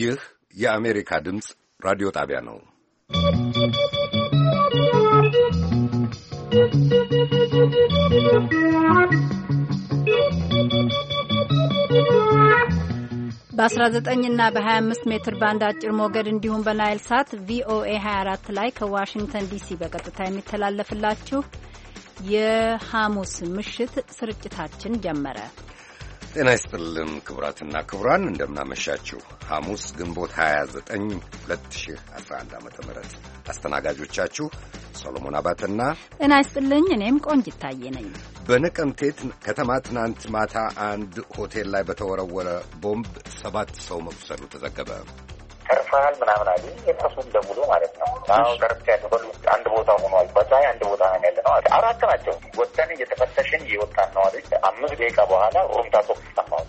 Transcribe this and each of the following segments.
ይህ የአሜሪካ ድምፅ ራዲዮ ጣቢያ ነው። በ19 እና በ25 ሜትር ባንድ አጭር ሞገድ እንዲሁም በናይል ሳት ቪኦኤ 24 ላይ ከዋሽንግተን ዲሲ በቀጥታ የሚተላለፍላችሁ የሐሙስ ምሽት ስርጭታችን ጀመረ። ጤና ይስጥልን ክቡራትና ክቡራን፣ እንደምናመሻችሁ ሐሙስ ግንቦት 29 2011 ዓ ም አስተናጋጆቻችሁ ሰሎሞን አባትና ጤና ይስጥልኝ እኔም ቆንጅ ይታየ ነኝ። በነቀምቴት ከተማ ትናንት ማታ አንድ ሆቴል ላይ በተወረወረ ቦምብ ሰባት ሰው መቁሰሉ ተዘገበ። ተርፈሃል ምናምን አሉ። የነሱን ደውሎ ማለት ነው ቀርቻ ያለ በሉ አንድ ቦታ ሆኗል። በፀሐይ አንድ ቦታ ነው ያለ ነው። አራት ናቸው ወጥተን እየተፈተሽን የወጣን ነዋሪዎች። አምስት ደቂቃ በኋላ ሩምታ ሶፍት ጠፋሉ።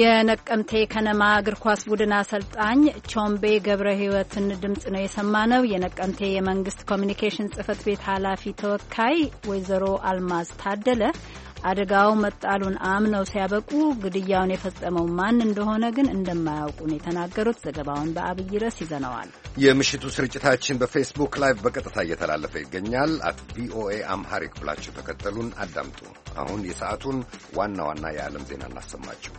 የነቀምቴ ከነማ እግር ኳስ ቡድን አሰልጣኝ ቾምቤ ገብረ ሕይወትን ድምጽ ነው የሰማ ነው። የነቀምቴ የመንግስት ኮሚኒኬሽን ጽህፈት ቤት ኃላፊ ተወካይ ወይዘሮ አልማዝ ታደለ አደጋው መጣሉን አምነው ሲያበቁ ግድያውን የፈጸመው ማን እንደሆነ ግን እንደማያውቁ የተናገሩት። ዘገባውን በአብይ ርዕስ ይዘነዋል። የምሽቱ ስርጭታችን በፌስቡክ ላይቭ በቀጥታ እየተላለፈ ይገኛል። አት ቪኦኤ አምሃሪክ ብላችሁ ተከተሉን አዳምጡ። አሁን የሰዓቱን ዋና ዋና የዓለም ዜና እናሰማችሁ።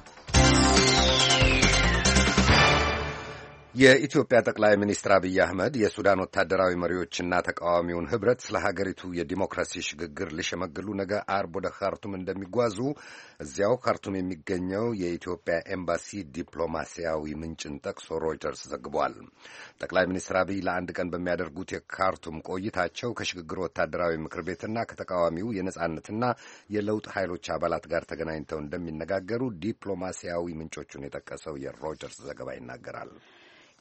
የኢትዮጵያ ጠቅላይ ሚኒስትር አብይ አህመድ የሱዳን ወታደራዊ መሪዎችና ተቃዋሚውን ህብረት ስለ ሀገሪቱ የዲሞክራሲ ሽግግር ሊሸመግሉ ነገ አርብ ወደ ካርቱም እንደሚጓዙ እዚያው ካርቱም የሚገኘው የኢትዮጵያ ኤምባሲ ዲፕሎማሲያዊ ምንጭን ጠቅሶ ሮይተርስ ዘግቧል። ጠቅላይ ሚኒስትር አብይ ለአንድ ቀን በሚያደርጉት የካርቱም ቆይታቸው ከሽግግር ወታደራዊ ምክር ቤትና ከተቃዋሚው የነጻነትና የለውጥ ኃይሎች አባላት ጋር ተገናኝተው እንደሚነጋገሩ ዲፕሎማሲያዊ ምንጮቹን የጠቀሰው የሮይተርስ ዘገባ ይናገራል።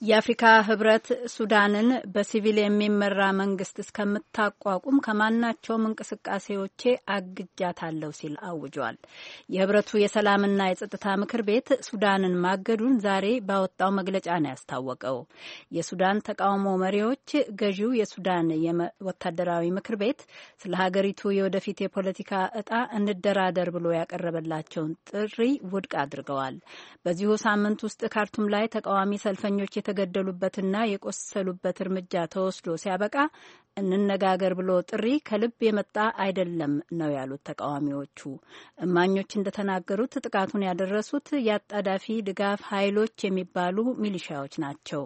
የአፍሪካ ህብረት ሱዳንን በሲቪል የሚመራ መንግስት እስከምታቋቁም ከማናቸውም እንቅስቃሴዎቼ አግጃታለሁ ሲል አውጇል። የህብረቱ የሰላምና የጸጥታ ምክር ቤት ሱዳንን ማገዱን ዛሬ ባወጣው መግለጫ ነው ያስታወቀው። የሱዳን ተቃውሞ መሪዎች ገዢው የሱዳን ወታደራዊ ምክር ቤት ስለ ሀገሪቱ የወደፊት የፖለቲካ እጣ እንደራደር ብሎ ያቀረበላቸውን ጥሪ ውድቅ አድርገዋል። በዚሁ ሳምንት ውስጥ ካርቱም ላይ ተቃዋሚ ሰልፈኞች የተገደሉበትና የቆሰሉበት እርምጃ ተወስዶ ሲያበቃ እንነጋገር ብሎ ጥሪ ከልብ የመጣ አይደለም ነው ያሉት ተቃዋሚዎቹ። እማኞች እንደተናገሩት ጥቃቱን ያደረሱት የአጣዳፊ ድጋፍ ኃይሎች የሚባሉ ሚሊሻዎች ናቸው።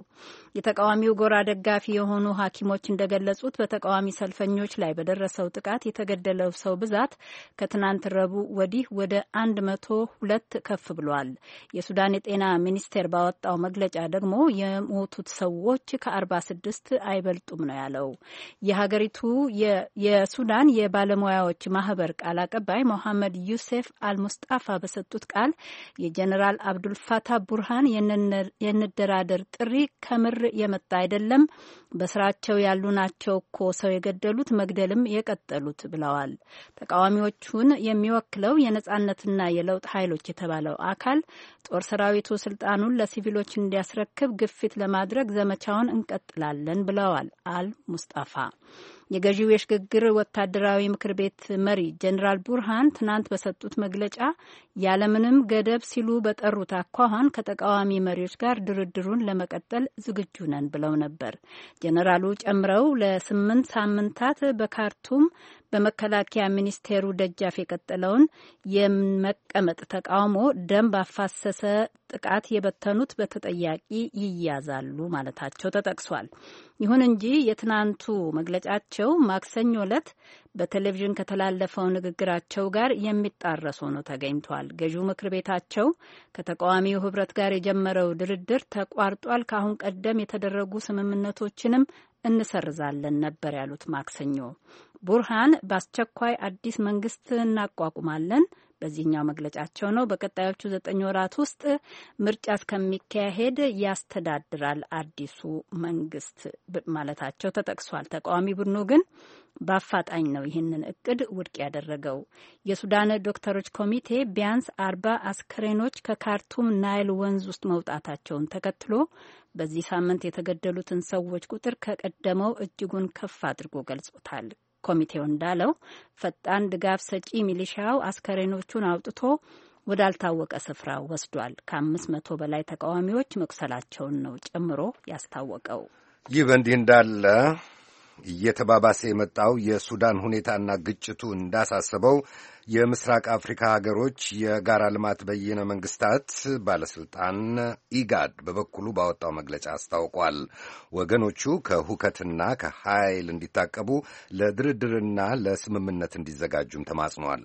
የተቃዋሚው ጎራ ደጋፊ የሆኑ ሐኪሞች እንደገለጹት በተቃዋሚ ሰልፈኞች ላይ በደረሰው ጥቃት የተገደለው ሰው ብዛት ከትናንት ረቡዕ ወዲህ ወደ አንድ መቶ ሁለት ከፍ ብሏል። የሱዳን የጤና ሚኒስቴር ባወጣው መግለጫ ደግሞ የ የሞቱት ሰዎች ከ46 አይበልጡም ነው ያለው። የሀገሪቱ የሱዳን የባለሙያዎች ማህበር ቃል አቀባይ ሞሐመድ ዩሴፍ አልሙስጣፋ በሰጡት ቃል የጀኔራል አብዱልፋታ ቡርሃን የንደራደር ጥሪ ከምር የመጣ አይደለም በስራቸው ያሉ ናቸው እኮ ሰው የገደሉት መግደልም የቀጠሉት ብለዋል። ተቃዋሚዎቹን የሚወክለው የነጻነትና የለውጥ ኃይሎች የተባለው አካል ጦር ሰራዊቱ ስልጣኑን ለሲቪሎች እንዲያስረክብ ግፊት ለማድረግ ዘመቻውን እንቀጥላለን ብለዋል አል ሙስጣፋ። የገዢው የሽግግር ወታደራዊ ምክር ቤት መሪ ጀኔራል ቡርሃን ትናንት በሰጡት መግለጫ ያለምንም ገደብ ሲሉ በጠሩት አኳኋን ከተቃዋሚ መሪዎች ጋር ድርድሩን ለመቀጠል ዝግጁ ነን ብለው ነበር። ጀኔራሉ ጨምረው ለስምንት ሳምንታት በካርቱም በመከላከያ ሚኒስቴሩ ደጃፍ የቀጠለውን የመቀመጥ ተቃውሞ ደም ባፋሰሰ ጥቃት የበተኑት በተጠያቂ ይያዛሉ ማለታቸው ተጠቅሷል። ይሁን እንጂ የትናንቱ መግለጫቸው ማክሰኞ ዕለት በቴሌቪዥን ከተላለፈው ንግግራቸው ጋር የሚጣረስ ሆኖ ተገኝቷል። ገዢው ምክር ቤታቸው ከተቃዋሚው ህብረት ጋር የጀመረው ድርድር ተቋርጧል፣ ከአሁን ቀደም የተደረጉ ስምምነቶችንም እንሰርዛለን ነበር ያሉት ማክሰኞ ቡርሃን በአስቸኳይ አዲስ መንግስት እናቋቁማለን በዚህኛው መግለጫቸው ነው። በቀጣዮቹ ዘጠኝ ወራት ውስጥ ምርጫ እስከሚካሄድ ያስተዳድራል አዲሱ መንግስት ማለታቸው ተጠቅሷል። ተቃዋሚ ቡድኑ ግን በአፋጣኝ ነው ይህንን እቅድ ውድቅ ያደረገው። የሱዳን ዶክተሮች ኮሚቴ ቢያንስ አርባ አስከሬኖች ከካርቱም ናይል ወንዝ ውስጥ መውጣታቸውን ተከትሎ በዚህ ሳምንት የተገደሉትን ሰዎች ቁጥር ከቀደመው እጅጉን ከፍ አድርጎ ገልጾታል። ኮሚቴው እንዳለው ፈጣን ድጋፍ ሰጪ ሚሊሻው አስከሬኖቹን አውጥቶ ወዳልታወቀ ስፍራ ወስዷል። ከአምስት መቶ በላይ ተቃዋሚዎች መቁሰላቸውን ነው ጨምሮ ያስታወቀው። ይህ በእንዲህ እንዳለ እየተባባሰ የመጣው የሱዳን ሁኔታና ግጭቱ እንዳሳሰበው የምስራቅ አፍሪካ ሀገሮች የጋራ ልማት በይነ መንግስታት ባለስልጣን ኢጋድ በበኩሉ ባወጣው መግለጫ አስታውቋል። ወገኖቹ ከሁከትና ከኃይል እንዲታቀቡ ለድርድርና ለስምምነት እንዲዘጋጁም ተማጽኗል።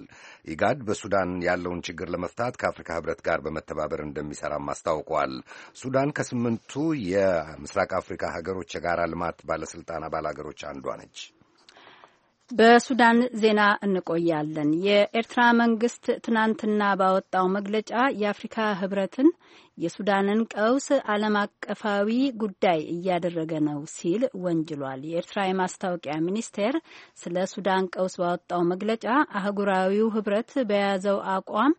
ኢጋድ በሱዳን ያለውን ችግር ለመፍታት ከአፍሪካ ህብረት ጋር በመተባበር እንደሚሰራም አስታውቋል። ሱዳን ከስምንቱ የምስራቅ አፍሪካ ሀገሮች የጋራ ልማት ባለስልጣን አባል ሀገሮች አንዷ ነች። በሱዳን ዜና እንቆያለን። የኤርትራ መንግስት ትናንትና ባወጣው መግለጫ የአፍሪካ ህብረትን የሱዳንን ቀውስ ዓለም አቀፋዊ ጉዳይ እያደረገ ነው ሲል ወንጅሏል። የኤርትራ የማስታወቂያ ሚኒስቴር ስለ ሱዳን ቀውስ ባወጣው መግለጫ አህጉራዊው ህብረት በያዘው አቋም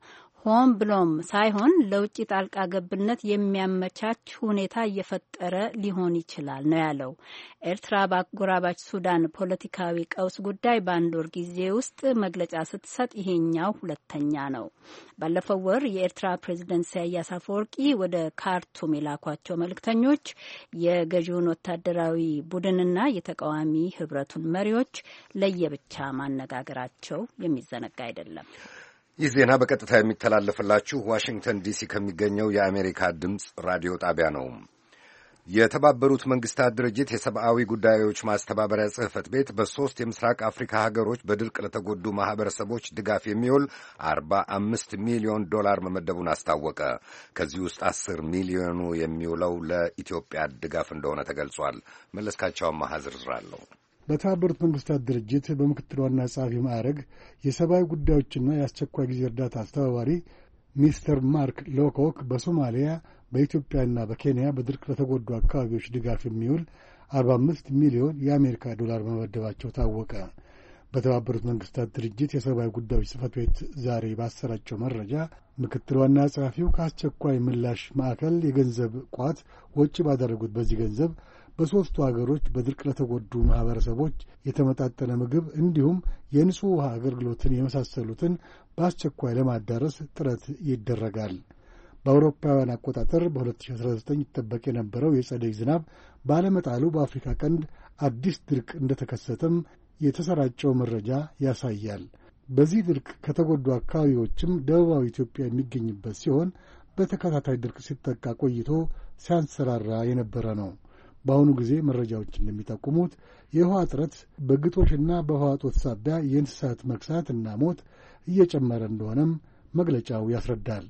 ሆን ብሎም ሳይሆን ለውጭ ጣልቃ ገብነት የሚያመቻች ሁኔታ እየፈጠረ ሊሆን ይችላል ነው ያለው። ኤርትራ በአጎራባች ሱዳን ፖለቲካዊ ቀውስ ጉዳይ በአንድ ወር ጊዜ ውስጥ መግለጫ ስትሰጥ ይሄኛው ሁለተኛ ነው። ባለፈው ወር የኤርትራ ፕሬዚደንት ኢሳያስ አፈወርቂ ወደ ካርቱም የላኳቸው መልእክተኞች የገዢውን ወታደራዊ ቡድንና የተቃዋሚ ህብረቱን መሪዎች ለየብቻ ማነጋገራቸው የሚዘነጋ አይደለም። ይህ ዜና በቀጥታ የሚተላለፍላችሁ ዋሽንግተን ዲሲ ከሚገኘው የአሜሪካ ድምፅ ራዲዮ ጣቢያ ነው። የተባበሩት መንግስታት ድርጅት የሰብአዊ ጉዳዮች ማስተባበሪያ ጽሕፈት ቤት በሦስት የምስራቅ አፍሪካ ሀገሮች በድርቅ ለተጎዱ ማኅበረሰቦች ድጋፍ የሚውል አምስት ሚሊዮን ዶላር መመደቡን አስታወቀ። ከዚህ ውስጥ አስር ሚሊዮኑ የሚውለው ለኢትዮጵያ ድጋፍ እንደሆነ ተገልጿል። መለስካቸውን አማሃ ዝርዝር አለው። በተባበሩት መንግስታት ድርጅት በምክትል ዋና ጸሐፊ ማዕረግ የሰብአዊ ጉዳዮችና የአስቸኳይ ጊዜ እርዳታ አስተባባሪ ሚስተር ማርክ ሎኮክ በሶማሊያ በኢትዮጵያና በኬንያ በድርቅ ለተጎዱ አካባቢዎች ድጋፍ የሚውል 45 ሚሊዮን የአሜሪካ ዶላር መመደባቸው ታወቀ። በተባበሩት መንግስታት ድርጅት የሰብአዊ ጉዳዮች ጽህፈት ቤት ዛሬ ባሰራጨው መረጃ ምክትል ዋና ጸሐፊው ከአስቸኳይ ምላሽ ማዕከል የገንዘብ ቋት ወጪ ባደረጉት በዚህ ገንዘብ በሦስቱ አገሮች በድርቅ ለተጎዱ ማኅበረሰቦች የተመጣጠነ ምግብ እንዲሁም የንጹሕ ውሃ አገልግሎትን የመሳሰሉትን በአስቸኳይ ለማዳረስ ጥረት ይደረጋል። በአውሮፓውያን አቆጣጠር በ2019 ይጠበቅ የነበረው የጸደይ ዝናብ ባለመጣሉ በአፍሪካ ቀንድ አዲስ ድርቅ እንደተከሰተም የተሰራጨው መረጃ ያሳያል። በዚህ ድርቅ ከተጎዱ አካባቢዎችም ደቡባዊ ኢትዮጵያ የሚገኝበት ሲሆን በተከታታይ ድርቅ ሲጠቃ ቆይቶ ሲያንሰራራ የነበረ ነው። በአሁኑ ጊዜ መረጃዎች እንደሚጠቁሙት የውሃ እጥረት በግጦሽና በውሃ ጦት ሳቢያ የእንስሳት መክሳት እና ሞት እየጨመረ እንደሆነም መግለጫው ያስረዳል።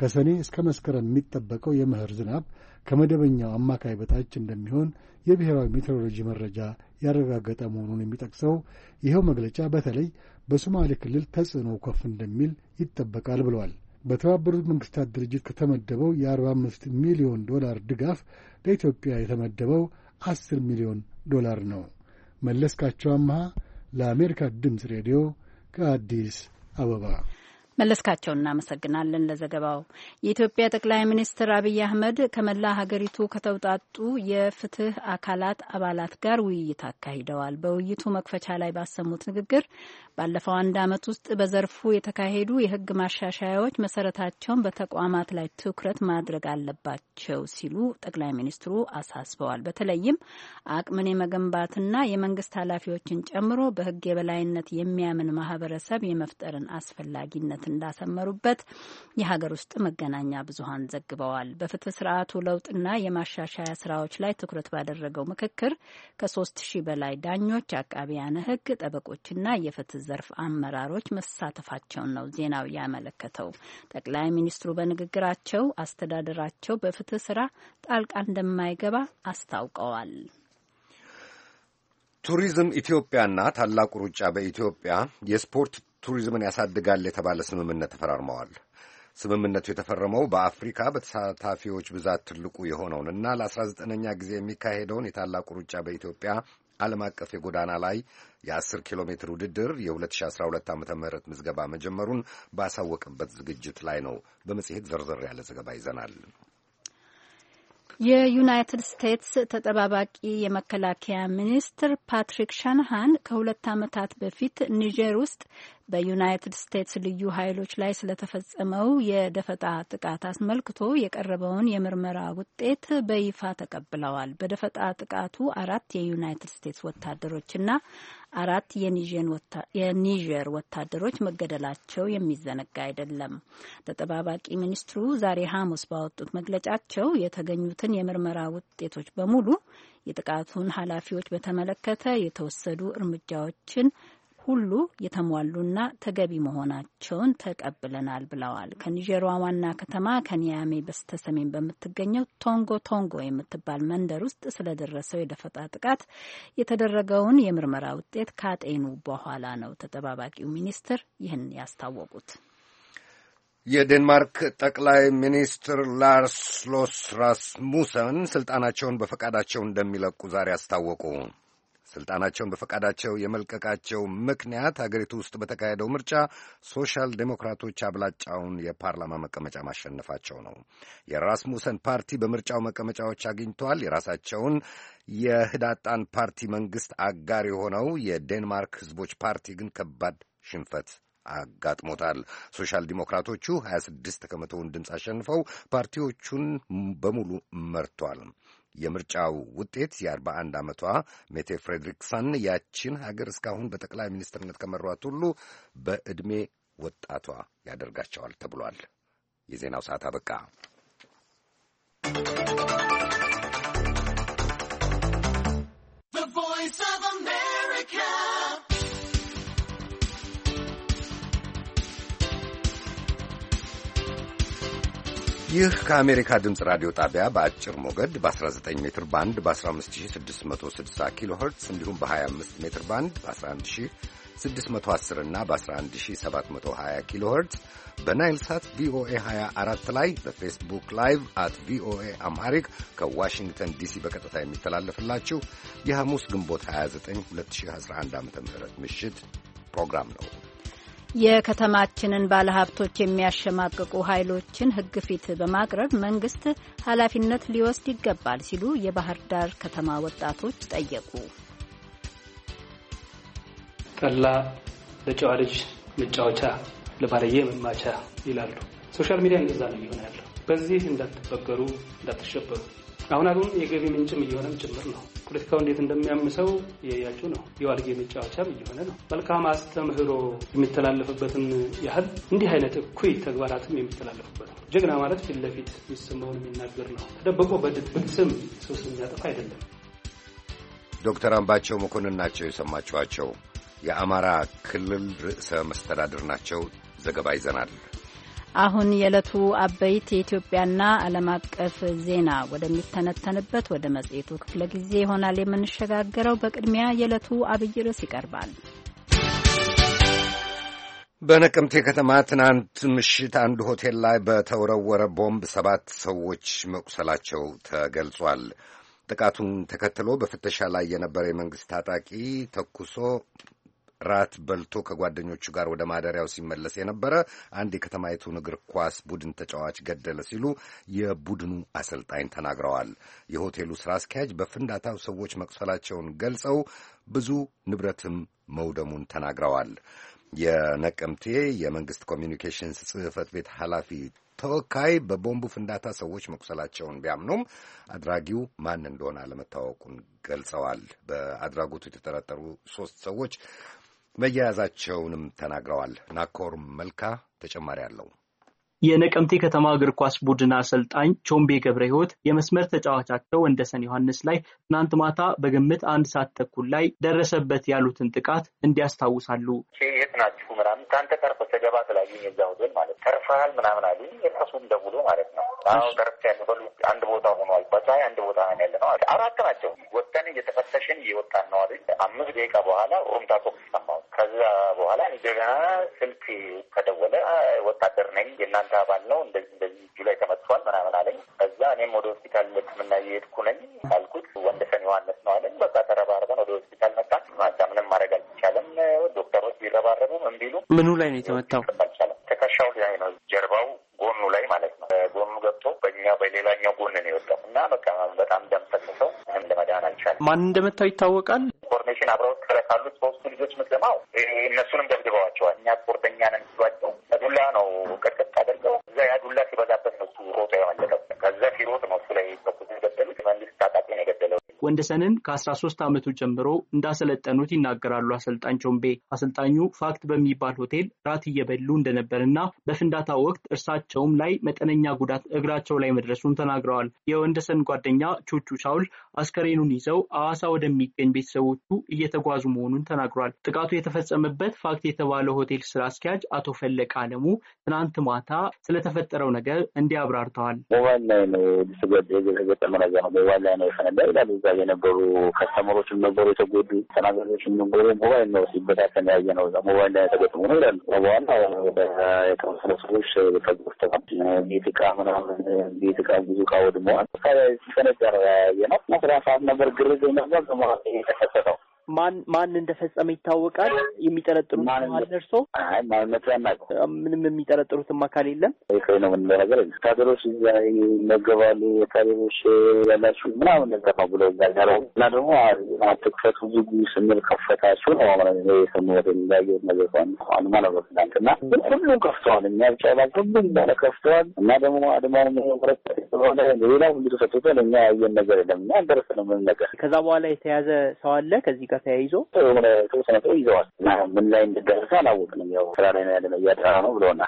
ከሰኔ እስከ መስከረም የሚጠበቀው የመኸር ዝናብ ከመደበኛው አማካይ በታች እንደሚሆን የብሔራዊ ሜትሮሎጂ መረጃ ያረጋገጠ መሆኑን የሚጠቅሰው ይኸው መግለጫ በተለይ በሶማሌ ክልል ተጽዕኖ ከፍ እንደሚል ይጠበቃል ብለዋል። በተባበሩት መንግስታት ድርጅት ከተመደበው የ45 ሚሊዮን ዶላር ድጋፍ ለኢትዮጵያ የተመደበው 10 ሚሊዮን ዶላር ነው። መለስካቸው አምሃ ለአሜሪካ ድምፅ ሬዲዮ ከአዲስ አበባ መለስካቸው እናመሰግናለን ለዘገባው። የኢትዮጵያ ጠቅላይ ሚኒስትር አብይ አህመድ ከመላ ሀገሪቱ ከተውጣጡ የፍትህ አካላት አባላት ጋር ውይይት አካሂደዋል። በውይይቱ መክፈቻ ላይ ባሰሙት ንግግር ባለፈው አንድ ዓመት ውስጥ በዘርፉ የተካሄዱ የህግ ማሻሻያዎች መሰረታቸውን በተቋማት ላይ ትኩረት ማድረግ አለባቸው ሲሉ ጠቅላይ ሚኒስትሩ አሳስበዋል። በተለይም አቅምን የመገንባትና የመንግስት ኃላፊዎችን ጨምሮ በህግ የበላይነት የሚያምን ማህበረሰብ የመፍጠርን አስፈላጊነት ግንኙነት እንዳሰመሩበት የሀገር ውስጥ መገናኛ ብዙሀን ዘግበዋል። በፍትህ ስርዓቱ ለውጥና የማሻሻያ ስራዎች ላይ ትኩረት ባደረገው ምክክር ከሶስት ሺህ በላይ ዳኞች፣ አቃቢያነ ህግ፣ ጠበቆችና የፍትህ ዘርፍ አመራሮች መሳተፋቸውን ነው ዜናው ያመለከተው። ጠቅላይ ሚኒስትሩ በንግግራቸው አስተዳደራቸው በፍትህ ስራ ጣልቃ እንደማይገባ አስታውቀዋል። ቱሪዝም ኢትዮጵያና ታላቁ ሩጫ በኢትዮጵያ የስፖርት ቱሪዝምን ያሳድጋል የተባለ ስምምነት ተፈራርመዋል። ስምምነቱ የተፈረመው በአፍሪካ በተሳታፊዎች ብዛት ትልቁ የሆነውንና ለ19ኛ ጊዜ የሚካሄደውን የታላቁ ሩጫ በኢትዮጵያ ዓለም አቀፍ የጎዳና ላይ የ10 ኪሎ ሜትር ውድድር የ2012 ዓ ም ምዝገባ መጀመሩን ባሳወቅበት ዝግጅት ላይ ነው። በመጽሔት ዘርዘር ያለ ዘገባ ይዘናል። የዩናይትድ ስቴትስ ተጠባባቂ የመከላከያ ሚኒስትር ፓትሪክ ሻንሃን ከሁለት ዓመታት በፊት ኒጀር ውስጥ በዩናይትድ ስቴትስ ልዩ ኃይሎች ላይ ስለተፈጸመው የደፈጣ ጥቃት አስመልክቶ የቀረበውን የምርመራ ውጤት በይፋ ተቀብለዋል። በደፈጣ ጥቃቱ አራት የዩናይትድ ስቴትስ ወታደሮችና አራት የኒጀር ወታደሮች መገደላቸው የሚዘነጋ አይደለም። ተጠባባቂ ሚኒስትሩ ዛሬ ሐሙስ ባወጡት መግለጫቸው የተገኙትን የምርመራ ውጤቶች በሙሉ የጥቃቱን ኃላፊዎች በተመለከተ የተወሰዱ እርምጃዎችን ሁሉ የተሟሉና ተገቢ መሆናቸውን ተቀብለናል ብለዋል። ከኒጀሯ ዋና ከተማ ከኒያሜ በስተሰሜን በምትገኘው ቶንጎ ቶንጎ የምትባል መንደር ውስጥ ስለደረሰው የደፈጣ ጥቃት የተደረገውን የምርመራ ውጤት ካጤኑ በኋላ ነው ተጠባባቂው ሚኒስትር ይህን ያስታወቁት። የዴንማርክ ጠቅላይ ሚኒስትር ላርስ ሎስ ራስሙሰን ስልጣናቸውን በፈቃዳቸው እንደሚለቁ ዛሬ አስታወቁ። ስልጣናቸውን በፈቃዳቸው የመልቀቃቸው ምክንያት አገሪቱ ውስጥ በተካሄደው ምርጫ ሶሻል ዴሞክራቶች አብላጫውን የፓርላማ መቀመጫ ማሸነፋቸው ነው። የራስሙሰን ፓርቲ በምርጫው መቀመጫዎች አግኝቷል። የራሳቸውን የህዳጣን ፓርቲ መንግስት አጋር የሆነው የዴንማርክ ህዝቦች ፓርቲ ግን ከባድ ሽንፈት አጋጥሞታል። ሶሻል ዲሞክራቶቹ 26 ከመቶውን ድምፅ አሸንፈው ፓርቲዎቹን በሙሉ መርቷል። የምርጫው ውጤት የ41 ዓመቷ ሜቴ ፍሬድሪክሰን ያቺን ሀገር እስካሁን በጠቅላይ ሚኒስትርነት ከመሯት ሁሉ በዕድሜ ወጣቷ ያደርጋቸዋል ተብሏል። የዜናው ሰዓት አበቃ። ይህ ከአሜሪካ ድምፅ ራዲዮ ጣቢያ በአጭር ሞገድ በ19 ሜትር ባንድ በ15660 ኪሎ ኸርትዝ እንዲሁም በ25 ሜትር ባንድ በ11610 እና በ11720 ኪሎ ኸርትዝ በናይል ሳት ቪኦኤ 24 ላይ በፌስቡክ ላይቭ አት ቪኦኤ አምሃሪክ ከዋሽንግተን ዲሲ በቀጥታ የሚተላለፍላችሁ የሐሙስ ግንቦት 29 2011 ዓ ም ምሽት ፕሮግራም ነው። የከተማችንን ባለሀብቶች የሚያሸማቅቁ ኃይሎችን ሕግ ፊት በማቅረብ መንግስት ኃላፊነት ሊወስድ ይገባል ሲሉ የባህር ዳር ከተማ ወጣቶች ጠየቁ። ጠላ ለጨዋ ልጅ መጫወቻ፣ ለባለየ መማቻ ይላሉ። ሶሻል ሚዲያ እንደዛ ነው እየሆነ ያለው። በዚህ እንዳትበገሩ፣ እንዳትሸበሩ አሁን አሁን የገቢ ምንጭም እየሆነም ጭምር ነው። ፖለቲካው እንዴት እንደሚያምሰው እያያችሁ ነው። የዋልጌ መጫወቻም እየሆነ ነው። መልካም አስተምህሮ የሚተላለፍበትን ያህል እንዲህ አይነት እኩይ ተግባራትም የሚተላለፍበት ነው። ጀግና ማለት ፊት ለፊት የሚሰማውን የሚናገር ነው። ተደብቆ በድብቅ ስም ሰው የሚያጠፋ አይደለም። ዶክተር አምባቸው መኮንን ናቸው የሰማችኋቸው። የአማራ ክልል ርዕሰ መስተዳድር ናቸው። ዘገባ ይዘናል። አሁን የዕለቱ አበይት የኢትዮጵያና ዓለም አቀፍ ዜና ወደሚተነተንበት ወደ መጽሔቱ ክፍለ ጊዜ ይሆናል የምንሸጋገረው። በቅድሚያ የዕለቱ አብይ ርዕስ ይቀርባል። በነቀምቴ ከተማ ትናንት ምሽት አንድ ሆቴል ላይ በተወረወረ ቦምብ ሰባት ሰዎች መቁሰላቸው ተገልጿል። ጥቃቱን ተከትሎ በፍተሻ ላይ የነበረ የመንግሥት ታጣቂ ተኩሶ ራት በልቶ ከጓደኞቹ ጋር ወደ ማደሪያው ሲመለስ የነበረ አንድ የከተማይቱን እግር ኳስ ቡድን ተጫዋች ገደለ ሲሉ የቡድኑ አሰልጣኝ ተናግረዋል። የሆቴሉ ስራ አስኪያጅ በፍንዳታው ሰዎች መቁሰላቸውን ገልጸው ብዙ ንብረትም መውደሙን ተናግረዋል። የነቀምቴ የመንግስት ኮሚኒኬሽንስ ጽህፈት ቤት ኃላፊ ተወካይ በቦምቡ ፍንዳታ ሰዎች መቁሰላቸውን ቢያምኑም አድራጊው ማን እንደሆነ አለመታወቁን ገልጸዋል። በአድራጎቱ የተጠረጠሩ ሶስት ሰዎች መያያዛቸውንም ተናግረዋል። ናኮር መልካ ተጨማሪ አለው። የነቀምቴ ከተማ እግር ኳስ ቡድን አሰልጣኝ ቾምቤ ገብረ ህይወት የመስመር ተጫዋቻቸው ወንደሰን ዮሐንስ ላይ ትናንት ማታ በግምት አንድ ሰዓት ተኩል ላይ ደረሰበት ያሉትን ጥቃት እንዲያስታውሳሉ። የት ናችሁ ምናምን ከአንተ ቀርፈ ተገባ ስላየኝ የዛ ሆቴል ማለት ተርፈሃል ምናምን አሉ። የራሱም ደውሎ ማለት ነው። አዎ ተርፍ ያለ በሉ አንድ ቦታ ሆኖ አልባቸው አንድ ቦታ ነው ያለ ነው አራት ናቸው። ወጥተን እየተፈተሽን እየወጣን ነው አሉ። አምስት ደቂቃ በኋላ ሩምታ ተኩስ ሰማሁ። ከዛ በኋላ እንደገና ስልክ ከደወለ ወታደር ነኝ የእናንተ ፓርክ አባል ነው እንደዚህ እንደዚህ እጁ ላይ ተመጥቷል ምናምን አለኝ። ከዛ እኔም ወደ ሆስፒታል ሕክምና እየሄድኩ ነኝ አልኩት። ወንደሰን ዮሐንስ ነው አለኝ። በቃ ተረባርበን ወደ ሆስፒታል መጣን። ምንም ማድረግ አልቻለም። ዶክተሮች ቢረባረቡ ምን ምኑ ላይ ነው የተመታው? አልቻለም። ትከሻው ላይ ነው ጀርባው ጎኑ ላይ ማለት ጎኑ ገብቶ በኛው በሌላኛው ጎን ነው የወጣው እና በቃ በጣም ደም ፈሰሰው ምንም ለመዳን አልቻለም። ማን እንደመታው ይታወቃል። ኢንፎርሜሽን አብረው ካሉት ሶስቱ ልጆች ምትለማው እነሱንም ደብድበዋቸዋል። እኛ ቁርጠኛ ነን ሲሏቸው ዱላ ነው ቅጥቅጥ አድርገው እዛ ያ ዱላ ሲበዛበት ወንደሰንን ከ13 ዓመቱ ጀምሮ እንዳሰለጠኑት ይናገራሉ አሰልጣኝ ቾምቤ። አሰልጣኙ ፋክት በሚባል ሆቴል ራት እየበሉ እንደነበርና በፍንዳታ ወቅት እርሳቸውም ላይ መጠነኛ ጉዳት እግራቸው ላይ መድረሱን ተናግረዋል። የወንደሰን ጓደኛ ቹቹ ሻውል አስከሬኑን ይዘው አዋሳ ወደሚገኝ ቤተሰቦቹ እየተጓዙ መሆኑን ተናግሯል። ጥቃቱ የተፈጸመበት ፋክት የተባለው ሆቴል ስራ አስኪያጅ አቶ ፈለቀ አለሙ ትናንት ማታ ስለተፈጠረው ነገር እንዲህ አብራርተዋል። ሞባይል ላይ ነው የተገጠመ ነገር ነው። ሞባይል ላይ ነው የፈነዳ ይላል እዛ የነበሩ ከስተመሮችም ነበሩ የተጎዱ ተናጋሪዎችም ነበሩ። ሞባይል ነው ሲበታተን ያየ ነው። ሞባይል ላይ ተገጥሞ ነው ይላሉ። በኋላ የተወሰነ ሰዎች ቤት እቃ ምናምን ቤት እቃ ብዙ ዕቃ ወድመዋል። ሲፈነዳ ነው ያየ ነው። ስራ ሰዓት ነበር ግርግር ነበር ተከሰተው ማን ማን እንደፈጸመ ይታወቃል? የሚጠረጥሩት መሀል ደርሶ ምንም የሚጠረጥሩትም አካል የለም። ነው ምንለው ነገር ወታደሮች እዛ ይመገባሉ። ወታደሮች ያላችሁ ምናምን ነገር ብሎ ብለው ይናገረ እና ደግሞ አትክፈቱ ዝጉ ስንል ከፈታችሁ ነው ወደ የሚያየሁት ነገር ሆን ነበር ትናንትና። ሁሉም ከፍተዋል። እኛ ብቻ ላ ሁሉም ባለ ከፍተዋል። እና ደግሞ አድማ ስለሆነ ሌላ ሁሉ ተሰጥቶታል። እኛ ያየን ነገር የለም እና ደረሰ ነው ምን ነገር ከዛ በኋላ የተያዘ ሰው አለ ከዚህ ጋር ተያይዞ የሆነ የተወሰነ ሰው ይዘዋል እና ምን ላይ እንደደረሰ አላወቅንም። ያው ስራ ላይ ነው ያለነው ነው ብለውና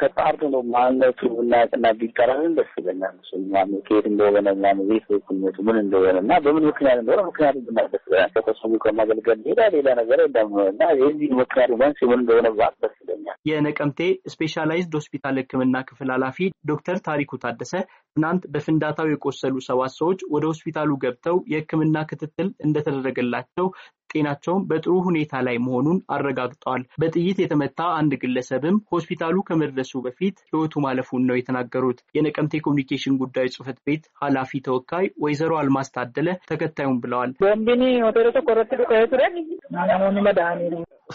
ከጣርቱ ነው ማነቱ እናቅና ቢቀረልን ደስ ይለኛል። ከየት እንደሆነ ምናምን ቤት ስሜቱ ምን እንደሆነ እና በምን ምክንያት እንደሆነ ምክንያቱ ብናደስ ይለኛል። ከሰሙ ከማገልገል ሌላ ሌላ ነገር እንደምሆነና የዚህ ምክንያቱ መንስ ምን እንደሆነ ባት ደስ ይለኛል። የነቀምቴ ስፔሻላይዝድ ሆስፒታል ህክምና ክፍል ኃላፊ ዶክተር ታሪኩ ታደሰ ትናንት በፍንዳታው የቆሰሉ ሰባት ሰዎች ወደ ሆስፒታሉ ገብተው የሕክምና ክትትል እንደተደረገላቸው ጤናቸውም በጥሩ ሁኔታ ላይ መሆኑን አረጋግጠዋል። በጥይት የተመታ አንድ ግለሰብም ሆስፒታሉ ከመድረሱ በፊት ህይወቱ ማለፉን ነው የተናገሩት። የነቀምቴ ኮሚኒኬሽን ጉዳዮች ጽህፈት ቤት ኃላፊ ተወካይ ወይዘሮ አልማስ ታደለ ተከታዩም ብለዋል።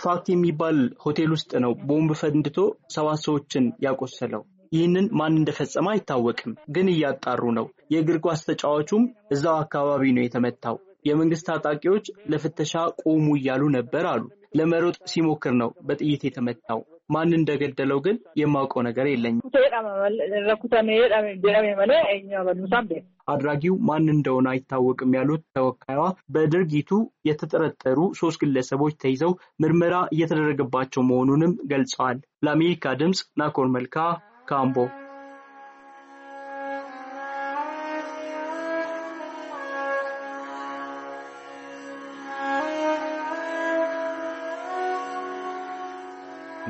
ፋክት የሚባል ሆቴል ውስጥ ነው ቦምብ ፈንድቶ ሰባት ሰዎችን ያቆሰለው። ይህንን ማን እንደፈጸመ አይታወቅም፣ ግን እያጣሩ ነው። የእግር ኳስ ተጫዋቹም እዛው አካባቢ ነው የተመታው። የመንግስት ታጣቂዎች ለፍተሻ ቆሙ እያሉ ነበር አሉ። ለመሮጥ ሲሞክር ነው በጥይት የተመታው። ማን እንደገደለው ግን የማውቀው ነገር የለኝም። አድራጊው ማን እንደሆነ አይታወቅም ያሉት ተወካይዋ በድርጊቱ የተጠረጠሩ ሶስት ግለሰቦች ተይዘው ምርመራ እየተደረገባቸው መሆኑንም ገልጸዋል። ለአሜሪካ ድምፅ ናኮር መልካ Campo.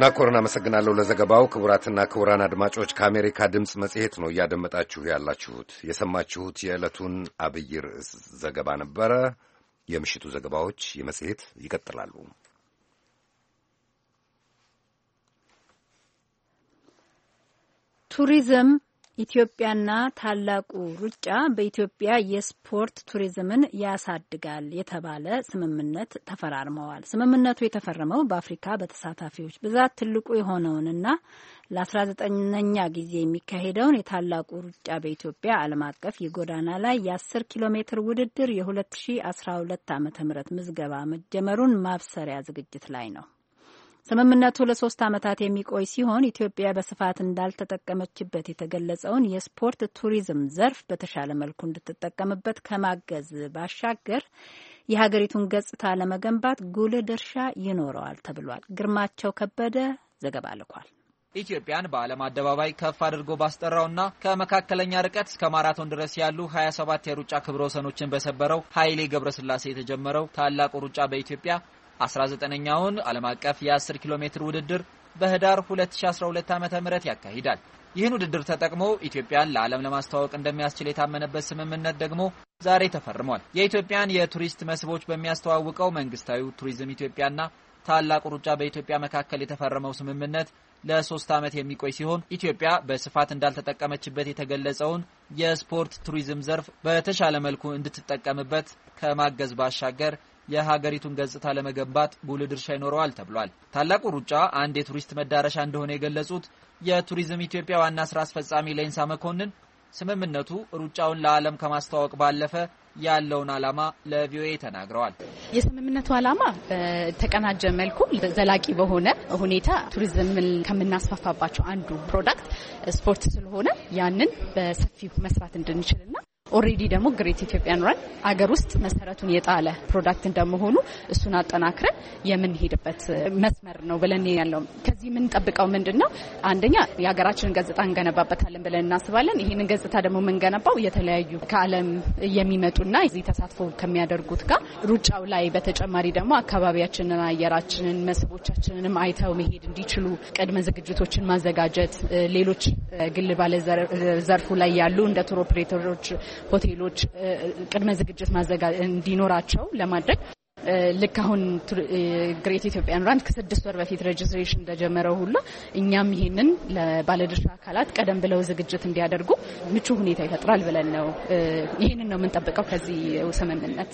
ናኮርን አመሰግናለሁ ለዘገባው። ክቡራትና ክቡራን አድማጮች ከአሜሪካ ድምፅ መጽሔት ነው እያደመጣችሁ ያላችሁት። የሰማችሁት የዕለቱን አብይ ርዕስ ዘገባ ነበረ። የምሽቱ ዘገባዎች የመጽሔት ይቀጥላሉ። ቱሪዝም ኢትዮጵያና ታላቁ ሩጫ በኢትዮጵያ የስፖርት ቱሪዝምን ያሳድጋል የተባለ ስምምነት ተፈራርመዋል። ስምምነቱ የተፈረመው በአፍሪካ በተሳታፊዎች ብዛት ትልቁ የሆነውንና ለ19ኛ ጊዜ የሚካሄደውን የታላቁ ሩጫ በኢትዮጵያ ዓለም አቀፍ የጎዳና ላይ የ10 ኪሎ ሜትር ውድድር የ2012 ዓ ም ምዝገባ መጀመሩን ማብሰሪያ ዝግጅት ላይ ነው። ስምምነቱ ለሶስት ዓመታት የሚቆይ ሲሆን ኢትዮጵያ በስፋት እንዳልተጠቀመችበት የተገለጸውን የስፖርት ቱሪዝም ዘርፍ በተሻለ መልኩ እንድትጠቀምበት ከማገዝ ባሻገር የሀገሪቱን ገጽታ ለመገንባት ጉልህ ድርሻ ይኖረዋል ተብሏል። ግርማቸው ከበደ ዘገባ ልኳል። ኢትዮጵያን በዓለም አደባባይ ከፍ አድርጎ ባስጠራውና ከመካከለኛ ርቀት እስከ ማራቶን ድረስ ያሉ 27 የሩጫ ክብረ ወሰኖችን በሰበረው ኃይሌ ገብረስላሴ የተጀመረው ታላቁ ሩጫ በኢትዮጵያ 19ኛውን ዓለም አቀፍ የ10 ኪሎ ሜትር ውድድር በህዳር 2012 ዓ.ም ያካሂዳል። ይህን ውድድር ተጠቅሞ ኢትዮጵያን ለዓለም ለማስተዋወቅ እንደሚያስችል የታመነበት ስምምነት ደግሞ ዛሬ ተፈርሟል። የኢትዮጵያን የቱሪስት መስህቦች በሚያስተዋውቀው መንግስታዊ ቱሪዝም ኢትዮጵያና ታላቁ ሩጫ በኢትዮጵያ መካከል የተፈረመው ስምምነት ለሶስት ዓመት የሚቆይ ሲሆን ኢትዮጵያ በስፋት እንዳልተጠቀመችበት የተገለጸውን የስፖርት ቱሪዝም ዘርፍ በተሻለ መልኩ እንድትጠቀምበት ከማገዝ ባሻገር የሀገሪቱን ገጽታ ለመገንባት ጉልህ ድርሻ ይኖረዋል ተብሏል። ታላቁ ሩጫ አንድ የቱሪስት መዳረሻ እንደሆነ የገለጹት የቱሪዝም ኢትዮጵያ ዋና ስራ አስፈጻሚ ሌንሳ መኮንን ስምምነቱ ሩጫውን ለዓለም ከማስተዋወቅ ባለፈ ያለውን ዓላማ ለቪኦኤ ተናግረዋል። የስምምነቱ ዓላማ በተቀናጀ መልኩ ዘላቂ በሆነ ሁኔታ ቱሪዝምን ከምናስፋፋባቸው አንዱ ፕሮዳክት ስፖርት ስለሆነ ያንን በሰፊው መስራት እንድንችልና ኦሬዲ ደግሞ ግሬት ኢትዮጵያን ራን አገር ውስጥ መሰረቱን የጣለ ፕሮዳክት እንደመሆኑ እሱን አጠናክረን የምንሄድበት uh, መስመር ነው ብለን ያለው። ከዚህ የምንጠብቀው ምንድን ነው? አንደኛ የሀገራችንን ገጽታ እንገነባበታለን ብለን እናስባለን። ይህንን ገጽታ ደግሞ የምንገነባው የተለያዩ ከዓለም የሚመጡና እዚህ ተሳትፎ ከሚያደርጉት ጋር ሩጫው ላይ በተጨማሪ ደግሞ አካባቢያችንን፣ አየራችንን፣ መስህቦቻችንንም አይተው መሄድ እንዲችሉ ቅድመ ዝግጅቶችን ማዘጋጀት uh, ሌሎች uh, ግል ባለ ዘርፉ ላይ ያሉ እንደ ቱር ኦፕሬተሮች ሆቴሎች ቅድመ ዝግጅት ማዘጋ እንዲኖራቸው ለማድረግ ልክ አሁን ግሬት ኢትዮጵያን ራንድ ከስድስት ወር በፊት ሬጅስትሬሽን እንደጀመረው ሁሉ እኛም ይህንን ለባለድርሻ አካላት ቀደም ብለው ዝግጅት እንዲያደርጉ ምቹ ሁኔታ ይፈጥራል ብለን ነው። ይህንን ነው የምንጠብቀው ከዚህ ስምምነት።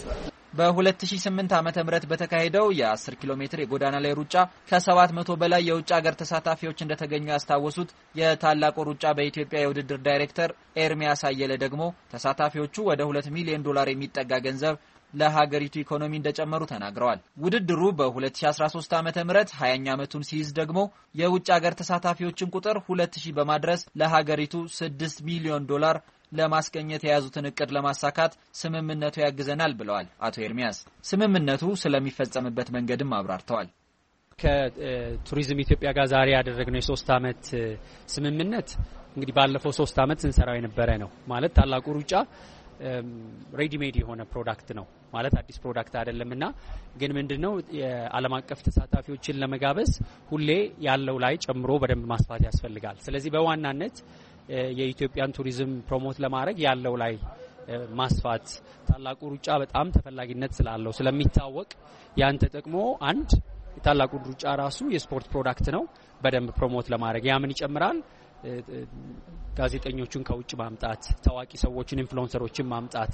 በ2008 ዓ ም በተካሄደው የ10 ኪሎ ሜትር የጎዳና ላይ ሩጫ ከ700 በላይ የውጭ ሀገር ተሳታፊዎች እንደተገኙ ያስታወሱት የታላቁ ሩጫ በኢትዮጵያ የውድድር ዳይሬክተር ኤርሚያስ አየለ ደግሞ ተሳታፊዎቹ ወደ 2 ሚሊዮን ዶላር የሚጠጋ ገንዘብ ለሀገሪቱ ኢኮኖሚ እንደጨመሩ ተናግረዋል። ውድድሩ በ2013 ዓ ም 20ኛ ዓመቱን ሲይዝ ደግሞ የውጭ ሀገር ተሳታፊዎችን ቁጥር 2000 በማድረስ ለሀገሪቱ 6 ሚሊዮን ዶላር ለማስገኘት የያዙትን እቅድ ለማሳካት ስምምነቱ ያግዘናል ብለዋል አቶ ኤርሚያስ። ስምምነቱ ስለሚፈጸምበት መንገድም አብራርተዋል። ከቱሪዝም ኢትዮጵያ ጋር ዛሬ ያደረግነው የሶስት አመት ስምምነት እንግዲህ ባለፈው ሶስት ዓመት ስንሰራው የነበረ ነው። ማለት ታላቁ ሩጫ ሬዲሜድ የሆነ ፕሮዳክት ነው ማለት አዲስ ፕሮዳክት አይደለም እና ግን ምንድን ነው የዓለም አቀፍ ተሳታፊዎችን ለመጋበዝ ሁሌ ያለው ላይ ጨምሮ በደንብ ማስፋት ያስፈልጋል። ስለዚህ በዋናነት የኢትዮጵያን ቱሪዝም ፕሮሞት ለማድረግ ያለው ላይ ማስፋት ታላቁ ሩጫ በጣም ተፈላጊነት ስላለው ስለሚታወቅ ያን ተጠቅሞ አንድ ታላቁ ሩጫ ራሱ የስፖርት ፕሮዳክት ነው። በደንብ ፕሮሞት ለማድረግ ያምን ይጨምራል። ጋዜጠኞቹን ከውጭ ማምጣት፣ ታዋቂ ሰዎችን ኢንፍሉዌንሰሮችን ማምጣት፣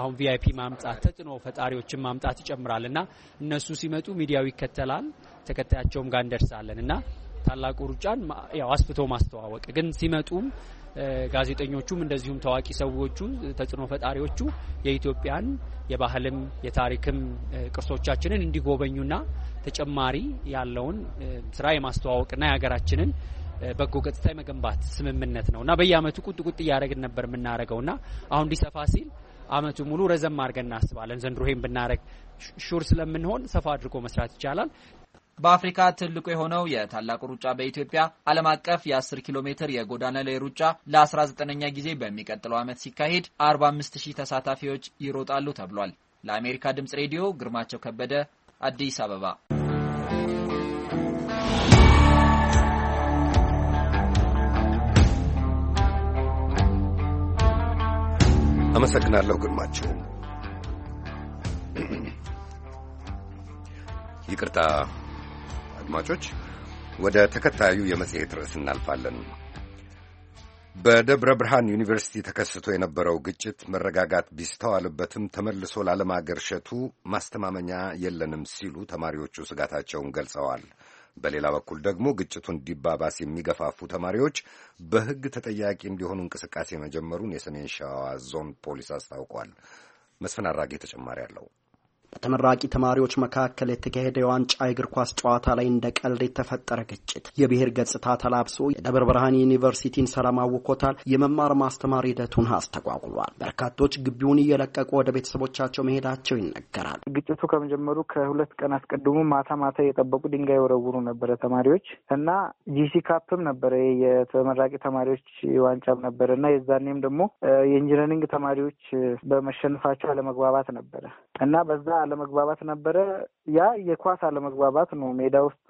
አሁን ቪአይፒ ማምጣት፣ ተጽዕኖ ፈጣሪዎችን ማምጣት ይጨምራል እና እነሱ ሲመጡ ሚዲያው ይከተላል፣ ተከታያቸውም ጋር እንደርሳለን እና ታላቁ ሩጫን ያው አስፍቶ ማስተዋወቅ ግን ሲመጡም ጋዜጠኞቹም እንደዚሁም ታዋቂ ሰዎቹ፣ ተጽዕኖ ፈጣሪዎቹ የኢትዮጵያን የባህልም የታሪክም ቅርሶቻችንን እንዲጎበኙና ተጨማሪ ያለውን ስራ የማስተዋወቅና የሀገራችንን በጎ ገጽታ የመገንባት ስምምነት ነው እና በየአመቱ ቁጥ ቁጥ እያደረግን ነበር የምናደርገው እና አሁን እንዲሰፋ ሲል አመቱ ሙሉ ረዘም አድርገን እናስባለን። ዘንድሮ ይሄን ብናደረግ ሹር ስለምንሆን ሰፋ አድርጎ መስራት ይቻላል። በአፍሪካ ትልቁ የሆነው የታላቁ ሩጫ በኢትዮጵያ ዓለም አቀፍ የ10 ኪሎ ሜትር የጎዳና ላይ ሩጫ ለ19ኛ ጊዜ በሚቀጥለው ዓመት ሲካሄድ 450 ተሳታፊዎች ይሮጣሉ ተብሏል። ለአሜሪካ ድምፅ ሬዲዮ ግርማቸው ከበደ አዲስ አበባ። አመሰግናለሁ ግርማቸው። ይቅርታ አድማጮች ወደ ተከታዩ የመጽሔት ርዕስ እናልፋለን። በደብረ ብርሃን ዩኒቨርሲቲ ተከስቶ የነበረው ግጭት መረጋጋት ቢስተዋልበትም ተመልሶ ላለማገርሸቱ ማስተማመኛ የለንም ሲሉ ተማሪዎቹ ስጋታቸውን ገልጸዋል። በሌላ በኩል ደግሞ ግጭቱ እንዲባባስ የሚገፋፉ ተማሪዎች በሕግ ተጠያቂ እንዲሆኑ እንቅስቃሴ መጀመሩን የሰሜን ሸዋ ዞን ፖሊስ አስታውቋል። መስፍን አራጌ ተጨማሪ አለው። በተመራቂ ተማሪዎች መካከል የተካሄደ የዋንጫ እግር ኳስ ጨዋታ ላይ እንደ ቀልድ የተፈጠረ ግጭት የብሔር ገጽታ ተላብሶ የደብረ ብርሃን ዩኒቨርሲቲን ሰላም አውኮታል። የመማር ማስተማር ሂደቱን አስተጓጉሏል። በርካቶች ግቢውን እየለቀቁ ወደ ቤተሰቦቻቸው መሄዳቸው ይነገራል። ግጭቱ ከመጀመሩ ከሁለት ቀን አስቀድሞ ማታ ማታ የጠበቁ ድንጋይ ወረውሩ ነበረ ተማሪዎች እና ጂሲ ካፕም ነበረ የተመራቂ ተማሪዎች ዋንጫም ነበረ እና የዛኔም ደግሞ የኢንጂነሪንግ ተማሪዎች በመሸነፋቸው አለመግባባት ነበረ እና በዛ አለመግባባት ነበረ። ያ የኳስ አለመግባባት ነው። ሜዳ ውስጥ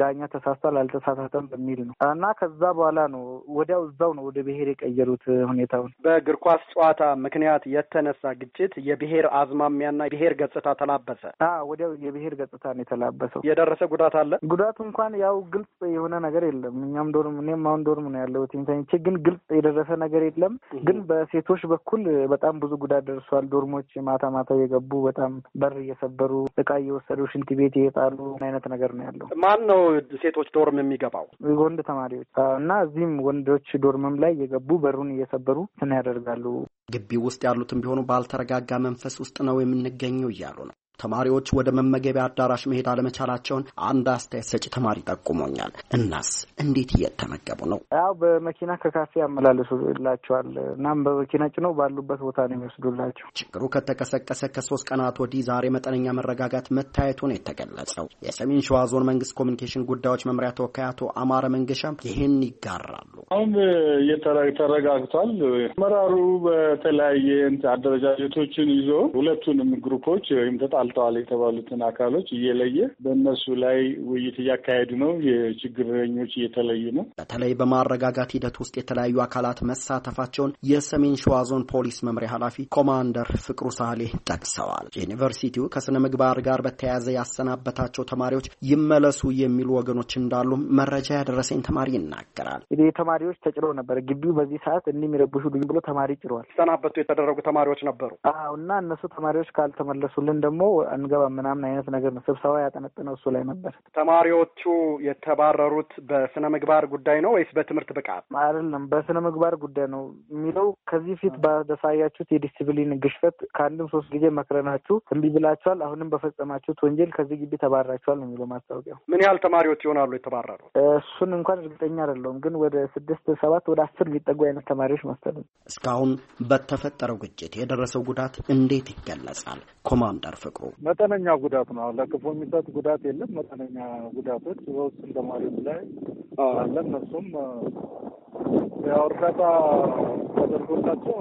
ዳኛ ተሳስቷል አልተሳሳተም በሚል ነው እና ከዛ በኋላ ነው ወዲያው እዛው ነው ወደ ብሔር የቀየሩት ሁኔታውን። በእግር ኳስ ጨዋታ ምክንያት የተነሳ ግጭት የብሔር አዝማሚያና ብሄር ገጽታ ተላበሰ። ወዲያው የብሔር ገጽታ ነው የተላበሰው። የደረሰ ጉዳት አለ? ጉዳቱ እንኳን ያው ግልጽ የሆነ ነገር የለም። እኛም ዶርም፣ እኔም አሁን ዶርም ነው ያለው ተኝቼ፣ ግን ግልጽ የደረሰ ነገር የለም። ግን በሴቶች በኩል በጣም ብዙ ጉዳት ደርሷል። ዶርሞች ማታ ማታ የገቡ በጣም በር እየሰበሩ እቃ እየወሰዱ ሽንት ቤት እየጣሉ አይነት ነገር ነው ያለው። ማን ነው ሴቶች ዶርም የሚገባው? ወንድ ተማሪዎች እና እዚህም ወንዶች ዶርምም ላይ እየገቡ በሩን እየሰበሩ እንትን ያደርጋሉ። ግቢ ውስጥ ያሉትም ቢሆኑ ባልተረጋጋ መንፈስ ውስጥ ነው የምንገኘው እያሉ ነው። ተማሪዎች ወደ መመገቢያ አዳራሽ መሄድ አለመቻላቸውን አንድ አስተያየት ሰጪ ተማሪ ጠቁሞኛል። እናስ እንዴት እየተመገቡ ነው? ያው በመኪና ከካፌ ያመላለሱላቸዋል። እናም በመኪና ጭነው ባሉበት ቦታ ነው የሚወስዱላቸው። ችግሩ ከተቀሰቀሰ ከሶስት ቀናት ወዲህ ዛሬ መጠነኛ መረጋጋት መታየቱ ነው የተገለጸው። የሰሜን ሸዋ ዞን መንግስት ኮሚኒኬሽን ጉዳዮች መምሪያ ተወካይ አቶ አማረ መንገሻም ይህን ይጋራሉ። አሁን ተረጋግቷል። መራሩ በተለያየ አደረጃጀቶችን ይዞ ሁለቱንም ግሩፖች ወይም ተጋልጠዋል የተባሉትን አካሎች እየለየ በእነሱ ላይ ውይይት እያካሄዱ ነው። የችግረኞች እየተለዩ ነው። በተለይ በማረጋጋት ሂደት ውስጥ የተለያዩ አካላት መሳተፋቸውን የሰሜን ሸዋ ዞን ፖሊስ መምሪያ ኃላፊ ኮማንደር ፍቅሩ ሳህሌ ጠቅሰዋል። ዩኒቨርሲቲው ከስነ ምግባር ጋር በተያያዘ ያሰናበታቸው ተማሪዎች ይመለሱ የሚሉ ወገኖች እንዳሉ መረጃ ያደረሰኝ ተማሪ ይናገራል። እንግዲህ ተማሪዎች ተጭሮ ነበር ግቢው በዚህ ሰዓት እንዲህ ልኝ ብሎ ተማሪ ጭሯል። ሰናበቱ የተደረጉ ተማሪዎች ነበሩ እና እነሱ ተማሪዎች ካልተመለሱልን ደግሞ እንገባ ምናምን አይነት ነገር ነው። ስብሰባ ያጠነጠነው እሱ ላይ ነበር። ተማሪዎቹ የተባረሩት በስነ ምግባር ጉዳይ ነው ወይስ በትምህርት ብቃት? አይደለም በስነ ምግባር ጉዳይ ነው የሚለው ከዚህ ፊት ባሳያችሁት የዲስፕሊን ግሽፈት ከአንድም ሶስት ጊዜ መክረናችሁ እምቢ ብላችኋል። አሁንም በፈጸማችሁት ወንጀል ከዚህ ግቢ ተባራችኋል ነው የሚለው ማስታወቂያው። ምን ያህል ተማሪዎች ይሆናሉ የተባረሩ? እሱን እንኳን እርግጠኛ አይደለሁም፣ ግን ወደ ስድስት ሰባት ወደ አስር የሚጠጉ አይነት ተማሪዎች መሰለኝ። እስካሁን በተፈጠረው ግጭት የደረሰው ጉዳት እንዴት ይገለጻል? ኮማንደር ፍቅሩ መጠነኛ ጉዳት ነው። ለክፉ የሚሰጥ ጉዳት የለም። መጠነኛ ጉዳቶች በውስጥ ተማሪዎች ላይ አለ። እነሱም ያው እርዳታ ተደርጎላቸው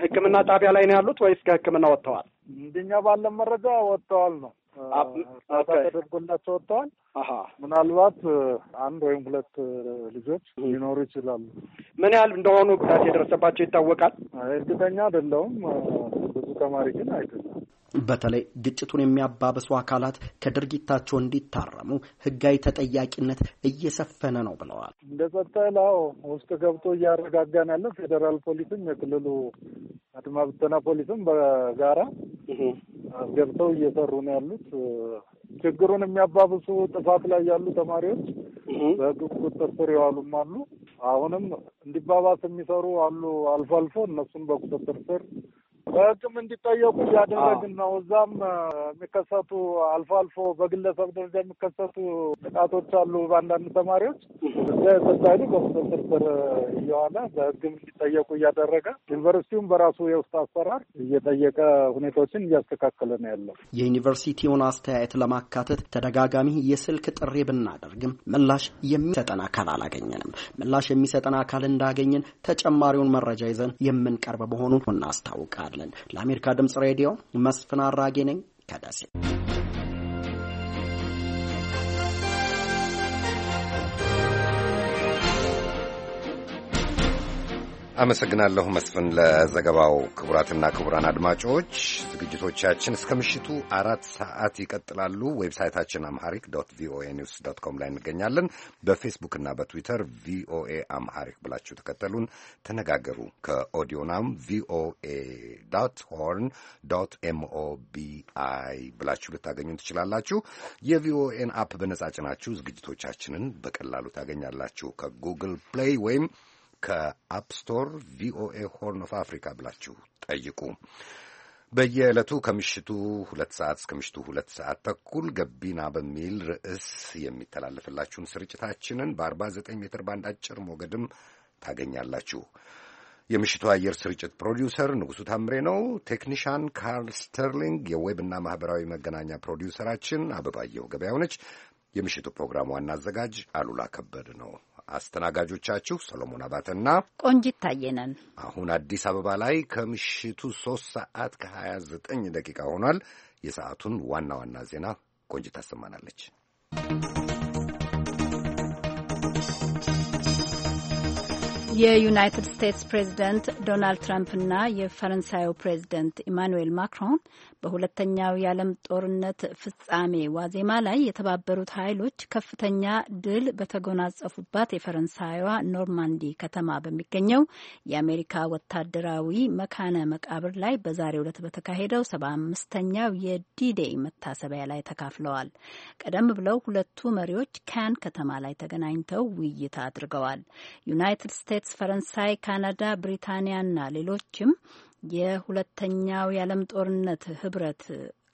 ሕክምና ጣቢያ ላይ ነው ያሉት ወይስ ከሕክምና ወጥተዋል? እንደኛ ባለን መረጃ ወጥተዋል ነው ተደርጎላቸው ወጥተዋል። ምናልባት አንድ ወይም ሁለት ልጆች ሊኖሩ ይችላሉ። ምን ያህል እንደሆኑ ጉዳት የደረሰባቸው ይታወቃል? እርግጠኛ አይደለሁም። ብዙ ተማሪ ግን አይደለም። በተለይ ግጭቱን የሚያባብሱ አካላት ከድርጊታቸው እንዲታረሙ ህጋዊ ተጠያቂነት እየሰፈነ ነው ብለዋል። እንደ ጸጥታ ላው ውስጥ ገብቶ እያረጋጋን ያለ ፌዴራል ፖሊስም የክልሉ አድማ ብተና ፖሊስም በጋራ ገብተው እየሰሩ ነው ያሉት። ችግሩን የሚያባብሱ ጥፋት ላይ ያሉ ተማሪዎች በህግ ቁጥጥር ስር የዋሉም አሉ። አሁንም እንዲባባስ የሚሰሩ አሉ። አልፎ አልፎ እነሱም በቁጥጥር ስር በህግም እንዲጠየቁ እያደረግን ነው። እዛም የሚከሰቱ አልፎ አልፎ በግለሰብ ደረጃ የሚከሰቱ ጥቃቶች አሉ። በአንዳንድ ተማሪዎች እዛ የጸጥታ በቁጥጥር ስር እየዋለ በህግም እንዲጠየቁ እያደረገ ዩኒቨርሲቲውም በራሱ የውስጥ አሰራር እየጠየቀ ሁኔታዎችን እያስተካከለ ነው ያለው። የዩኒቨርሲቲውን አስተያየት ለማካተት ተደጋጋሚ የስልክ ጥሪ ብናደርግም ምላሽ የሚሰጠን አካል አላገኘንም። ምላሽ የሚሰጠን አካል እንዳገኘን ተጨማሪውን መረጃ ይዘን የምንቀርብ መሆኑን እናስታውቃለን። እንችላለን። ለአሜሪካ ድምጽ ሬዲዮ መስፍን አራጌ ነኝ ከደሴ አመሰግናለሁ መስፍን ለዘገባው። ክቡራትና ክቡራን አድማጮች ዝግጅቶቻችን እስከ ምሽቱ አራት ሰዓት ይቀጥላሉ። ዌብሳይታችን አምሃሪክ ዶት ቪኦኤ ኒውስ ዶት ኮም ላይ እንገኛለን። በፌስቡክና በትዊተር ቪኦኤ አምሃሪክ ብላችሁ ተከተሉን፣ ተነጋገሩ። ከኦዲዮናም ቪኦኤ ዶት ሆርን ዶት ኤምኦቢአይ ብላችሁ ልታገኙን ትችላላችሁ። የቪኦኤን አፕ በነጻ ጭናችሁ ዝግጅቶቻችንን በቀላሉ ታገኛላችሁ። ከጉግል ፕሌይ ወይም ከአፕስቶር ቪኦኤ ሆርን ኦፍ አፍሪካ ብላችሁ ጠይቁ። በየዕለቱ ከምሽቱ ሁለት ሰዓት እስከ ምሽቱ ሁለት ሰዓት ተኩል ገቢና በሚል ርዕስ የሚተላለፍላችሁን ስርጭታችንን በ ዘጠኝ ሜትር ባንድ አጭር ሞገድም ታገኛላችሁ። የምሽቱ አየር ስርጭት ፕሮዲውሰር ንጉሡ ታምሬ ነው። ቴክኒሻን ካርል ስተርሊንግ፣ የዌብና ማኅበራዊ መገናኛ ፕሮዲውሰራችን አበባየሁ ገበያው ነች። የምሽቱ ፕሮግራም ዋና አዘጋጅ አሉላ ከበድ ነው። አስተናጋጆቻችሁ ሰሎሞን አባተና ቆንጂት ታየነን። አሁን አዲስ አበባ ላይ ከምሽቱ ሶስት ሰዓት ከሀያ ዘጠኝ ደቂቃ ሆኗል። የሰዓቱን ዋና ዋና ዜና ቆንጂት ታሰማናለች። የዩናይትድ ስቴትስ ፕሬዝደንት ዶናልድ ትራምፕና የፈረንሳዩ ፕሬዚደንት ኢማኑዌል ማክሮን በሁለተኛው የዓለም ጦርነት ፍጻሜ ዋዜማ ላይ የተባበሩት ኃይሎች ከፍተኛ ድል በተጎናጸፉባት የፈረንሳይዋ ኖርማንዲ ከተማ በሚገኘው የአሜሪካ ወታደራዊ መካነ መቃብር ላይ በዛሬው ዕለት በተካሄደው ሰባ አምስተኛው የዲዴይ መታሰቢያ ላይ ተካፍለዋል። ቀደም ብለው ሁለቱ መሪዎች ካን ከተማ ላይ ተገናኝተው ውይይት አድርገዋል። ዩናይትድ ስቴትስ ስቴትስ፣ ፈረንሳይ፣ ካናዳ፣ ብሪታንያና ሌሎችም የሁለተኛው የዓለም ጦርነት ህብረት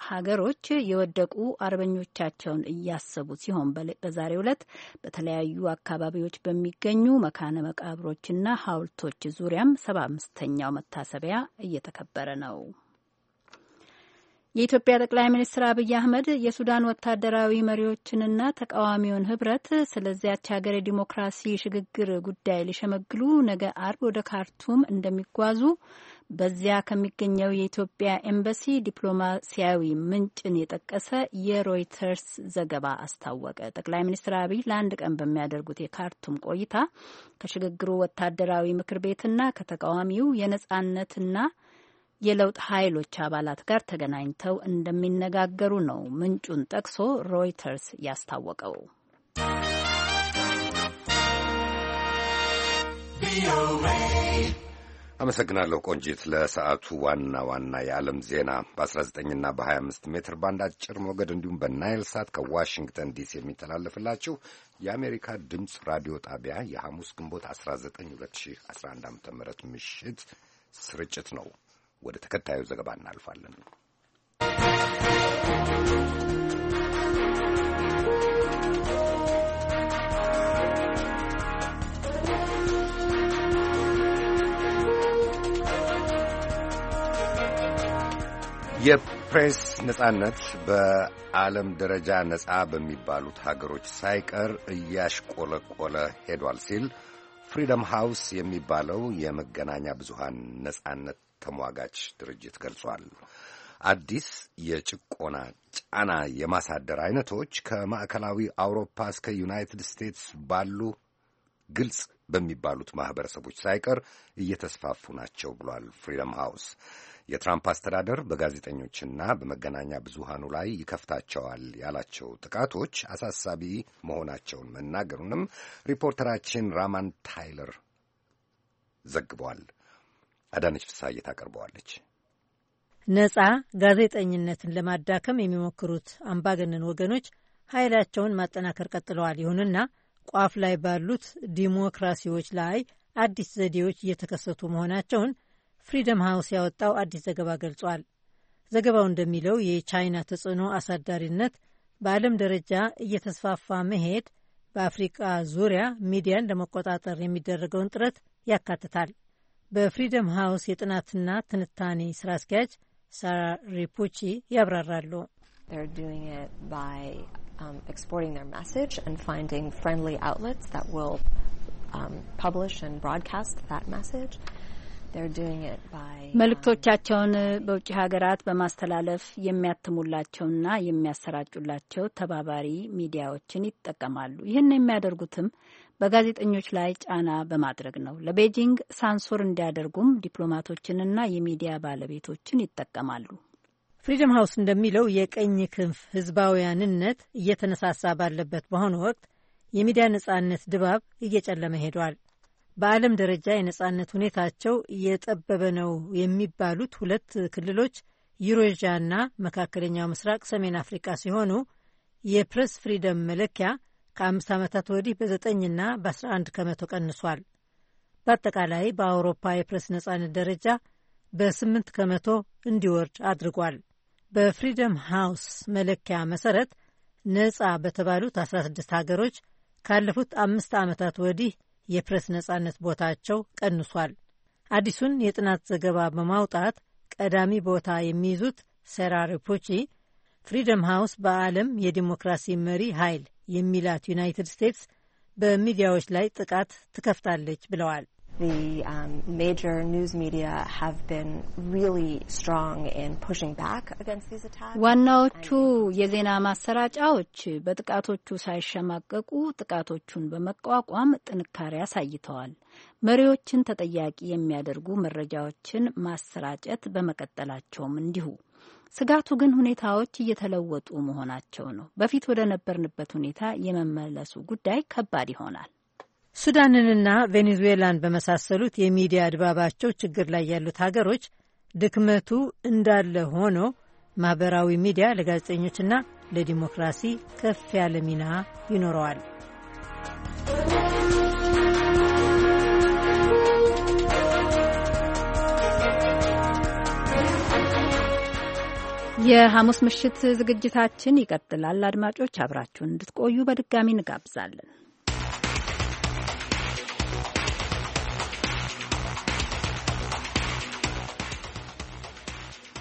ሀገሮች የወደቁ አርበኞቻቸውን እያሰቡ ሲሆን በዛሬው ዕለት በተለያዩ አካባቢዎች በሚገኙ መካነ መቃብሮችና ሐውልቶች ዙሪያም ሰባ አምስተኛው መታሰቢያ እየተከበረ ነው። የኢትዮጵያ ጠቅላይ ሚኒስትር አብይ አህመድ የሱዳን ወታደራዊ መሪዎችንና ተቃዋሚውን ህብረት ስለዚያች ሀገር የዲሞክራሲ ሽግግር ጉዳይ ሊሸመግሉ ነገ አርብ ወደ ካርቱም እንደሚጓዙ በዚያ ከሚገኘው የኢትዮጵያ ኤምባሲ ዲፕሎማሲያዊ ምንጭን የጠቀሰ የሮይተርስ ዘገባ አስታወቀ። ጠቅላይ ሚኒስትር አብይ ለአንድ ቀን በሚያደርጉት የካርቱም ቆይታ ከሽግግሩ ወታደራዊ ምክር ቤትና ከተቃዋሚው የነጻነትና የለውጥ ኃይሎች አባላት ጋር ተገናኝተው እንደሚነጋገሩ ነው ምንጩን ጠቅሶ ሮይተርስ ያስታወቀው። አመሰግናለሁ ቆንጂት። ለሰዓቱ ዋና ዋና የዓለም ዜና በ19ና በ25 ሜትር ባንድ አጭር ሞገድ እንዲሁም በናይል ሳት ከዋሽንግተን ዲሲ የሚተላለፍላችሁ የአሜሪካ ድምፅ ራዲዮ ጣቢያ የሐሙስ ግንቦት 19 2011 ዓ ም ምሽት ስርጭት ነው። ወደ ተከታዩ ዘገባ እናልፋለን። የፕሬስ ነጻነት በዓለም ደረጃ ነጻ በሚባሉት ሀገሮች ሳይቀር እያሽቆለቆለ ሄዷል ሲል ፍሪደም ሃውስ የሚባለው የመገናኛ ብዙሃን ነጻነት ተሟጋች ድርጅት ገልጿል። አዲስ የጭቆና ጫና የማሳደር አይነቶች ከማዕከላዊ አውሮፓ እስከ ዩናይትድ ስቴትስ ባሉ ግልጽ በሚባሉት ማኅበረሰቦች ሳይቀር እየተስፋፉ ናቸው ብሏል ፍሪደም ሃውስ። የትራምፕ አስተዳደር በጋዜጠኞችና በመገናኛ ብዙሃኑ ላይ ይከፍታቸዋል ያላቸው ጥቃቶች አሳሳቢ መሆናቸውን መናገሩንም ሪፖርተራችን ራማን ታይለር ዘግቧል። አዳነች ፍሳዬ ታቀርበዋለች። ነጻ ጋዜጠኝነትን ለማዳከም የሚሞክሩት አምባገነን ወገኖች ኃይላቸውን ማጠናከር ቀጥለዋል። ይሁንና ቋፍ ላይ ባሉት ዲሞክራሲዎች ላይ አዲስ ዘዴዎች እየተከሰቱ መሆናቸውን ፍሪደም ሃውስ ያወጣው አዲስ ዘገባ ገልጿል። ዘገባው እንደሚለው የቻይና ተጽዕኖ አሳዳሪነት በዓለም ደረጃ እየተስፋፋ መሄድ በአፍሪቃ ዙሪያ ሚዲያን ለመቆጣጠር የሚደረገውን ጥረት ያካትታል። በፍሪደም ሃውስ የጥናትና ትንታኔ ስራ አስኪያጅ ሳራ ሪፑቺ ያብራራሉ። um, um, um, መልእክቶቻቸውን በውጭ ሀገራት በማስተላለፍ የሚያትሙላቸውና የሚያሰራጩላቸው ተባባሪ ሚዲያዎችን ይጠቀማሉ። ይህን የሚያደርጉትም በጋዜጠኞች ላይ ጫና በማድረግ ነው። ለቤጂንግ ሳንሱር እንዲያደርጉም ዲፕሎማቶችንና የሚዲያ ባለቤቶችን ይጠቀማሉ። ፍሪደም ሃውስ እንደሚለው የቀኝ ክንፍ ህዝባውያንነት እየተነሳሳ ባለበት በአሁኑ ወቅት የሚዲያ ነጻነት ድባብ እየጨለመ ሄዷል። በዓለም ደረጃ የነጻነት ሁኔታቸው እየጠበበ ነው የሚባሉት ሁለት ክልሎች ዩሮዣና መካከለኛው ምስራቅ ሰሜን አፍሪካ ሲሆኑ የፕሬስ ፍሪደም መለኪያ ከአምስት ዓመታት ወዲህ በዘጠኝና በ11 ከመቶ ቀንሷል። በአጠቃላይ በአውሮፓ የፕሬስ ነጻነት ደረጃ በ8 ከመቶ እንዲወርድ አድርጓል። በፍሪደም ሃውስ መለኪያ መሰረት ነጻ በተባሉት 16 ሀገሮች ካለፉት አምስት ዓመታት ወዲህ የፕሬስ ነጻነት ቦታቸው ቀንሷል። አዲሱን የጥናት ዘገባ በማውጣት ቀዳሚ ቦታ የሚይዙት ሴራ ሪፑቺ ፍሪደም ሃውስ በዓለም የዲሞክራሲ መሪ ኃይል የሚላት ዩናይትድ ስቴትስ በሚዲያዎች ላይ ጥቃት ትከፍታለች ብለዋል። ዋናዎቹ የዜና ማሰራጫዎች በጥቃቶቹ ሳይሸማቀቁ ጥቃቶቹን በመቋቋም ጥንካሬ አሳይተዋል። መሪዎችን ተጠያቂ የሚያደርጉ መረጃዎችን ማሰራጨት በመቀጠላቸውም እንዲሁ ስጋቱ ግን ሁኔታዎች እየተለወጡ መሆናቸው ነው። በፊት ወደ ነበርንበት ሁኔታ የመመለሱ ጉዳይ ከባድ ይሆናል። ሱዳንንና ቬኔዙዌላን በመሳሰሉት የሚዲያ ድባባቸው ችግር ላይ ያሉት ሀገሮች ድክመቱ እንዳለ ሆኖ ማኅበራዊ ሚዲያ ለጋዜጠኞችና ለዲሞክራሲ ከፍ ያለ ሚና ይኖረዋል። የሐሙስ ምሽት ዝግጅታችን ይቀጥላል። አድማጮች አብራችሁን እንድትቆዩ በድጋሚ እንጋብዛለን።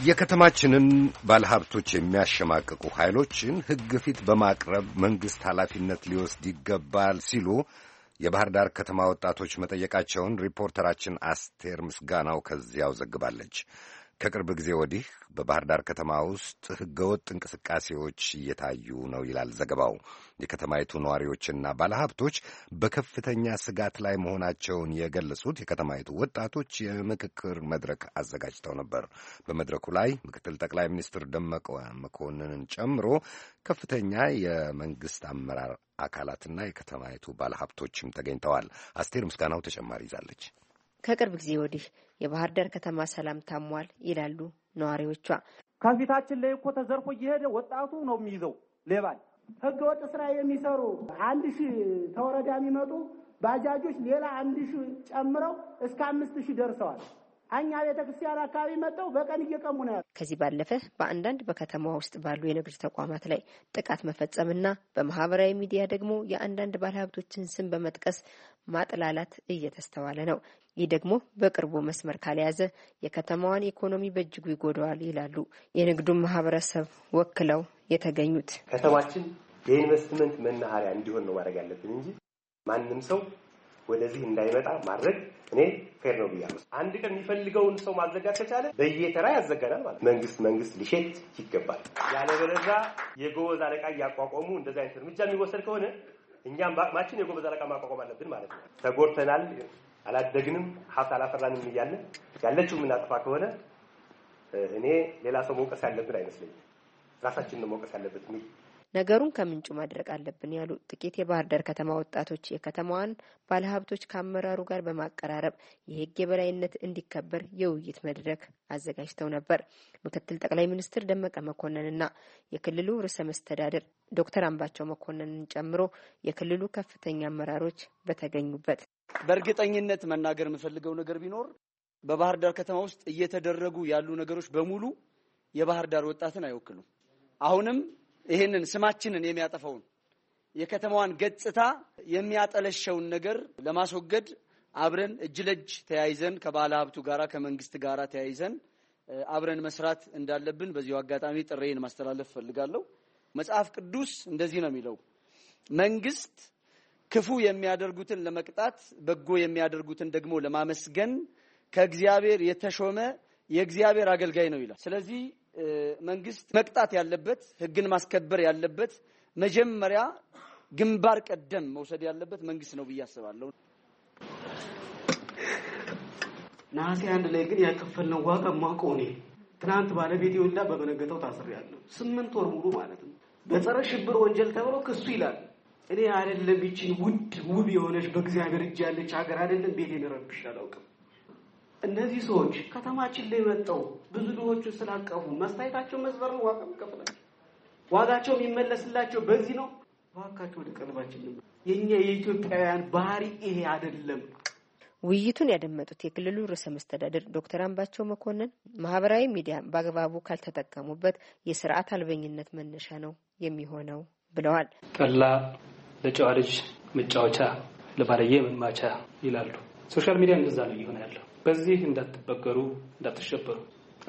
የከተማችንን ባለሀብቶች የሚያሸማቅቁ ኃይሎችን ሕግ ፊት በማቅረብ መንግሥት ኃላፊነት ሊወስድ ይገባል ሲሉ የባህር ዳር ከተማ ወጣቶች መጠየቃቸውን ሪፖርተራችን አስቴር ምስጋናው ከዚያው ዘግባለች። ከቅርብ ጊዜ ወዲህ በባህር ዳር ከተማ ውስጥ ህገወጥ እንቅስቃሴዎች እየታዩ ነው ይላል ዘገባው። የከተማይቱ ነዋሪዎችና ባለሀብቶች በከፍተኛ ስጋት ላይ መሆናቸውን የገለጹት የከተማይቱ ወጣቶች የምክክር መድረክ አዘጋጅተው ነበር። በመድረኩ ላይ ምክትል ጠቅላይ ሚኒስትር ደመቀ መኮንንን ጨምሮ ከፍተኛ የመንግስት አመራር አካላትና የከተማይቱ ባለሀብቶችም ተገኝተዋል። አስቴር ምስጋናው ተጨማሪ ይዛለች። ከቅርብ ጊዜ ወዲህ የባህር ዳር ከተማ ሰላም ታሟል ይላሉ ነዋሪዎቿ። ከፊታችን ላይ እኮ ተዘርፎ እየሄደ ወጣቱ ነው የሚይዘው ሌባል። ህገ ወጥ ስራ የሚሰሩ አንድ ሺህ ተወረዳ የሚመጡ ባጃጆች ሌላ አንድ ሺህ ጨምረው እስከ አምስት ሺህ ደርሰዋል። እኛ ቤተ ክርስቲያን አካባቢ መጥተው በቀን እየቀሙ ነው ያሉ። ከዚህ ባለፈ በአንዳንድ በከተማ ውስጥ ባሉ የንግድ ተቋማት ላይ ጥቃት መፈጸምና በማህበራዊ ሚዲያ ደግሞ የአንዳንድ ባለሀብቶችን ስም በመጥቀስ ማጥላላት እየተስተዋለ ነው። ይህ ደግሞ በቅርቡ መስመር ካልያዘ የከተማዋን ኢኮኖሚ በእጅጉ ይጎዳዋል ይላሉ የንግዱን ማህበረሰብ ወክለው የተገኙት። ከተማችን የኢንቨስትመንት መናኸሪያ እንዲሆን ነው ማድረግ ያለብን እንጂ ማንም ሰው ወደዚህ እንዳይመጣ ማድረግ እኔ ፌር ነው ብያለሁ። አንድ ቀን የሚፈልገውን ሰው ማዘጋት ከቻለ በየተራ ያዘጋናል ማለት መንግስት መንግስት ሊሸት ይገባል። ያለበለዛ የጎበዝ አለቃ እያቋቋሙ እንደዚህ አይነት እርምጃ የሚወሰድ ከሆነ እኛም በአቅማችን የጎበዝ አለቃ ማቋቋም አለብን ማለት ነው። ተጎድተናል አላደግንም ሀብት አላፈራንም እያለ ያለችው የምናጠፋ ከሆነ እኔ ሌላ ሰው መውቀስ ያለብን አይመስለኝም፣ ራሳችንን መውቀስ ያለበት የሚል ነገሩን ከምንጩ ማድረግ አለብን ያሉ ጥቂት የባህር ዳር ከተማ ወጣቶች የከተማዋን ባለሀብቶች ከአመራሩ ጋር በማቀራረብ የሕግ የበላይነት እንዲከበር የውይይት መድረክ አዘጋጅተው ነበር። ምክትል ጠቅላይ ሚኒስትር ደመቀ መኮንንና የክልሉ ርዕሰ መስተዳድር ዶክተር አምባቸው መኮንንን ጨምሮ የክልሉ ከፍተኛ አመራሮች በተገኙበት በእርግጠኝነት መናገር የምፈልገው ነገር ቢኖር በባህር ዳር ከተማ ውስጥ እየተደረጉ ያሉ ነገሮች በሙሉ የባህር ዳር ወጣትን አይወክሉም። አሁንም ይህንን ስማችንን የሚያጠፋውን የከተማዋን ገጽታ የሚያጠለሸውን ነገር ለማስወገድ አብረን እጅ ለእጅ ተያይዘን ከባለ ሀብቱ ጋራ ከመንግስት ጋራ ተያይዘን አብረን መስራት እንዳለብን በዚሁ አጋጣሚ ጥሬን ማስተላለፍ ፈልጋለሁ። መጽሐፍ ቅዱስ እንደዚህ ነው የሚለው መንግስት ክፉ የሚያደርጉትን ለመቅጣት በጎ የሚያደርጉትን ደግሞ ለማመስገን ከእግዚአብሔር የተሾመ የእግዚአብሔር አገልጋይ ነው ይላል። ስለዚህ መንግስት መቅጣት ያለበት ህግን ማስከበር ያለበት መጀመሪያ ግንባር ቀደም መውሰድ ያለበት መንግስት ነው ብዬ አስባለሁ። ነሐሴ አንድ ላይ ግን ያከፈልነው ዋጋ ማውቀው እኔ ትናንት ባለቤት ወልዳ በመነገጠው ታስሬያለሁ። ስምንት ወር ሙሉ ማለት ነው። በጸረ ሽብር ወንጀል ተብሎ ክሱ ይላል እኔ አይደለም ይችን ውድ ውብ የሆነች በእግዚአብሔር እጅ ያለች ሀገር አይደለም ቤቴን ረብሼ አላውቅም። እነዚህ ሰዎች ከተማችን ላይ መጠው ብዙ ድሆቹን ስላቀፉ መስታየታቸው መስበር ነው። ዋጋ ከፍላቸው ዋጋቸው የሚመለስላቸው በዚህ ነው። እባካቸው ወደ ቀልባችን የእኛ የኢትዮጵያውያን ባህሪ ይሄ አይደለም። ውይይቱን ያደመጡት የክልሉ ርዕሰ መስተዳድር ዶክተር አምባቸው መኮንን ማህበራዊ ሚዲያ በአግባቡ ካልተጠቀሙበት የስርዓት አልበኝነት መነሻ ነው የሚሆነው ብለዋል። ጠላ ለጨዋ ልጅ መጫወቻ ለባለየ መማቻ ይላሉ። ሶሻል ሚዲያ እንደዛ ነው እየሆነ ያለው። በዚህ እንዳትበገሩ፣ እንዳትሸበሩ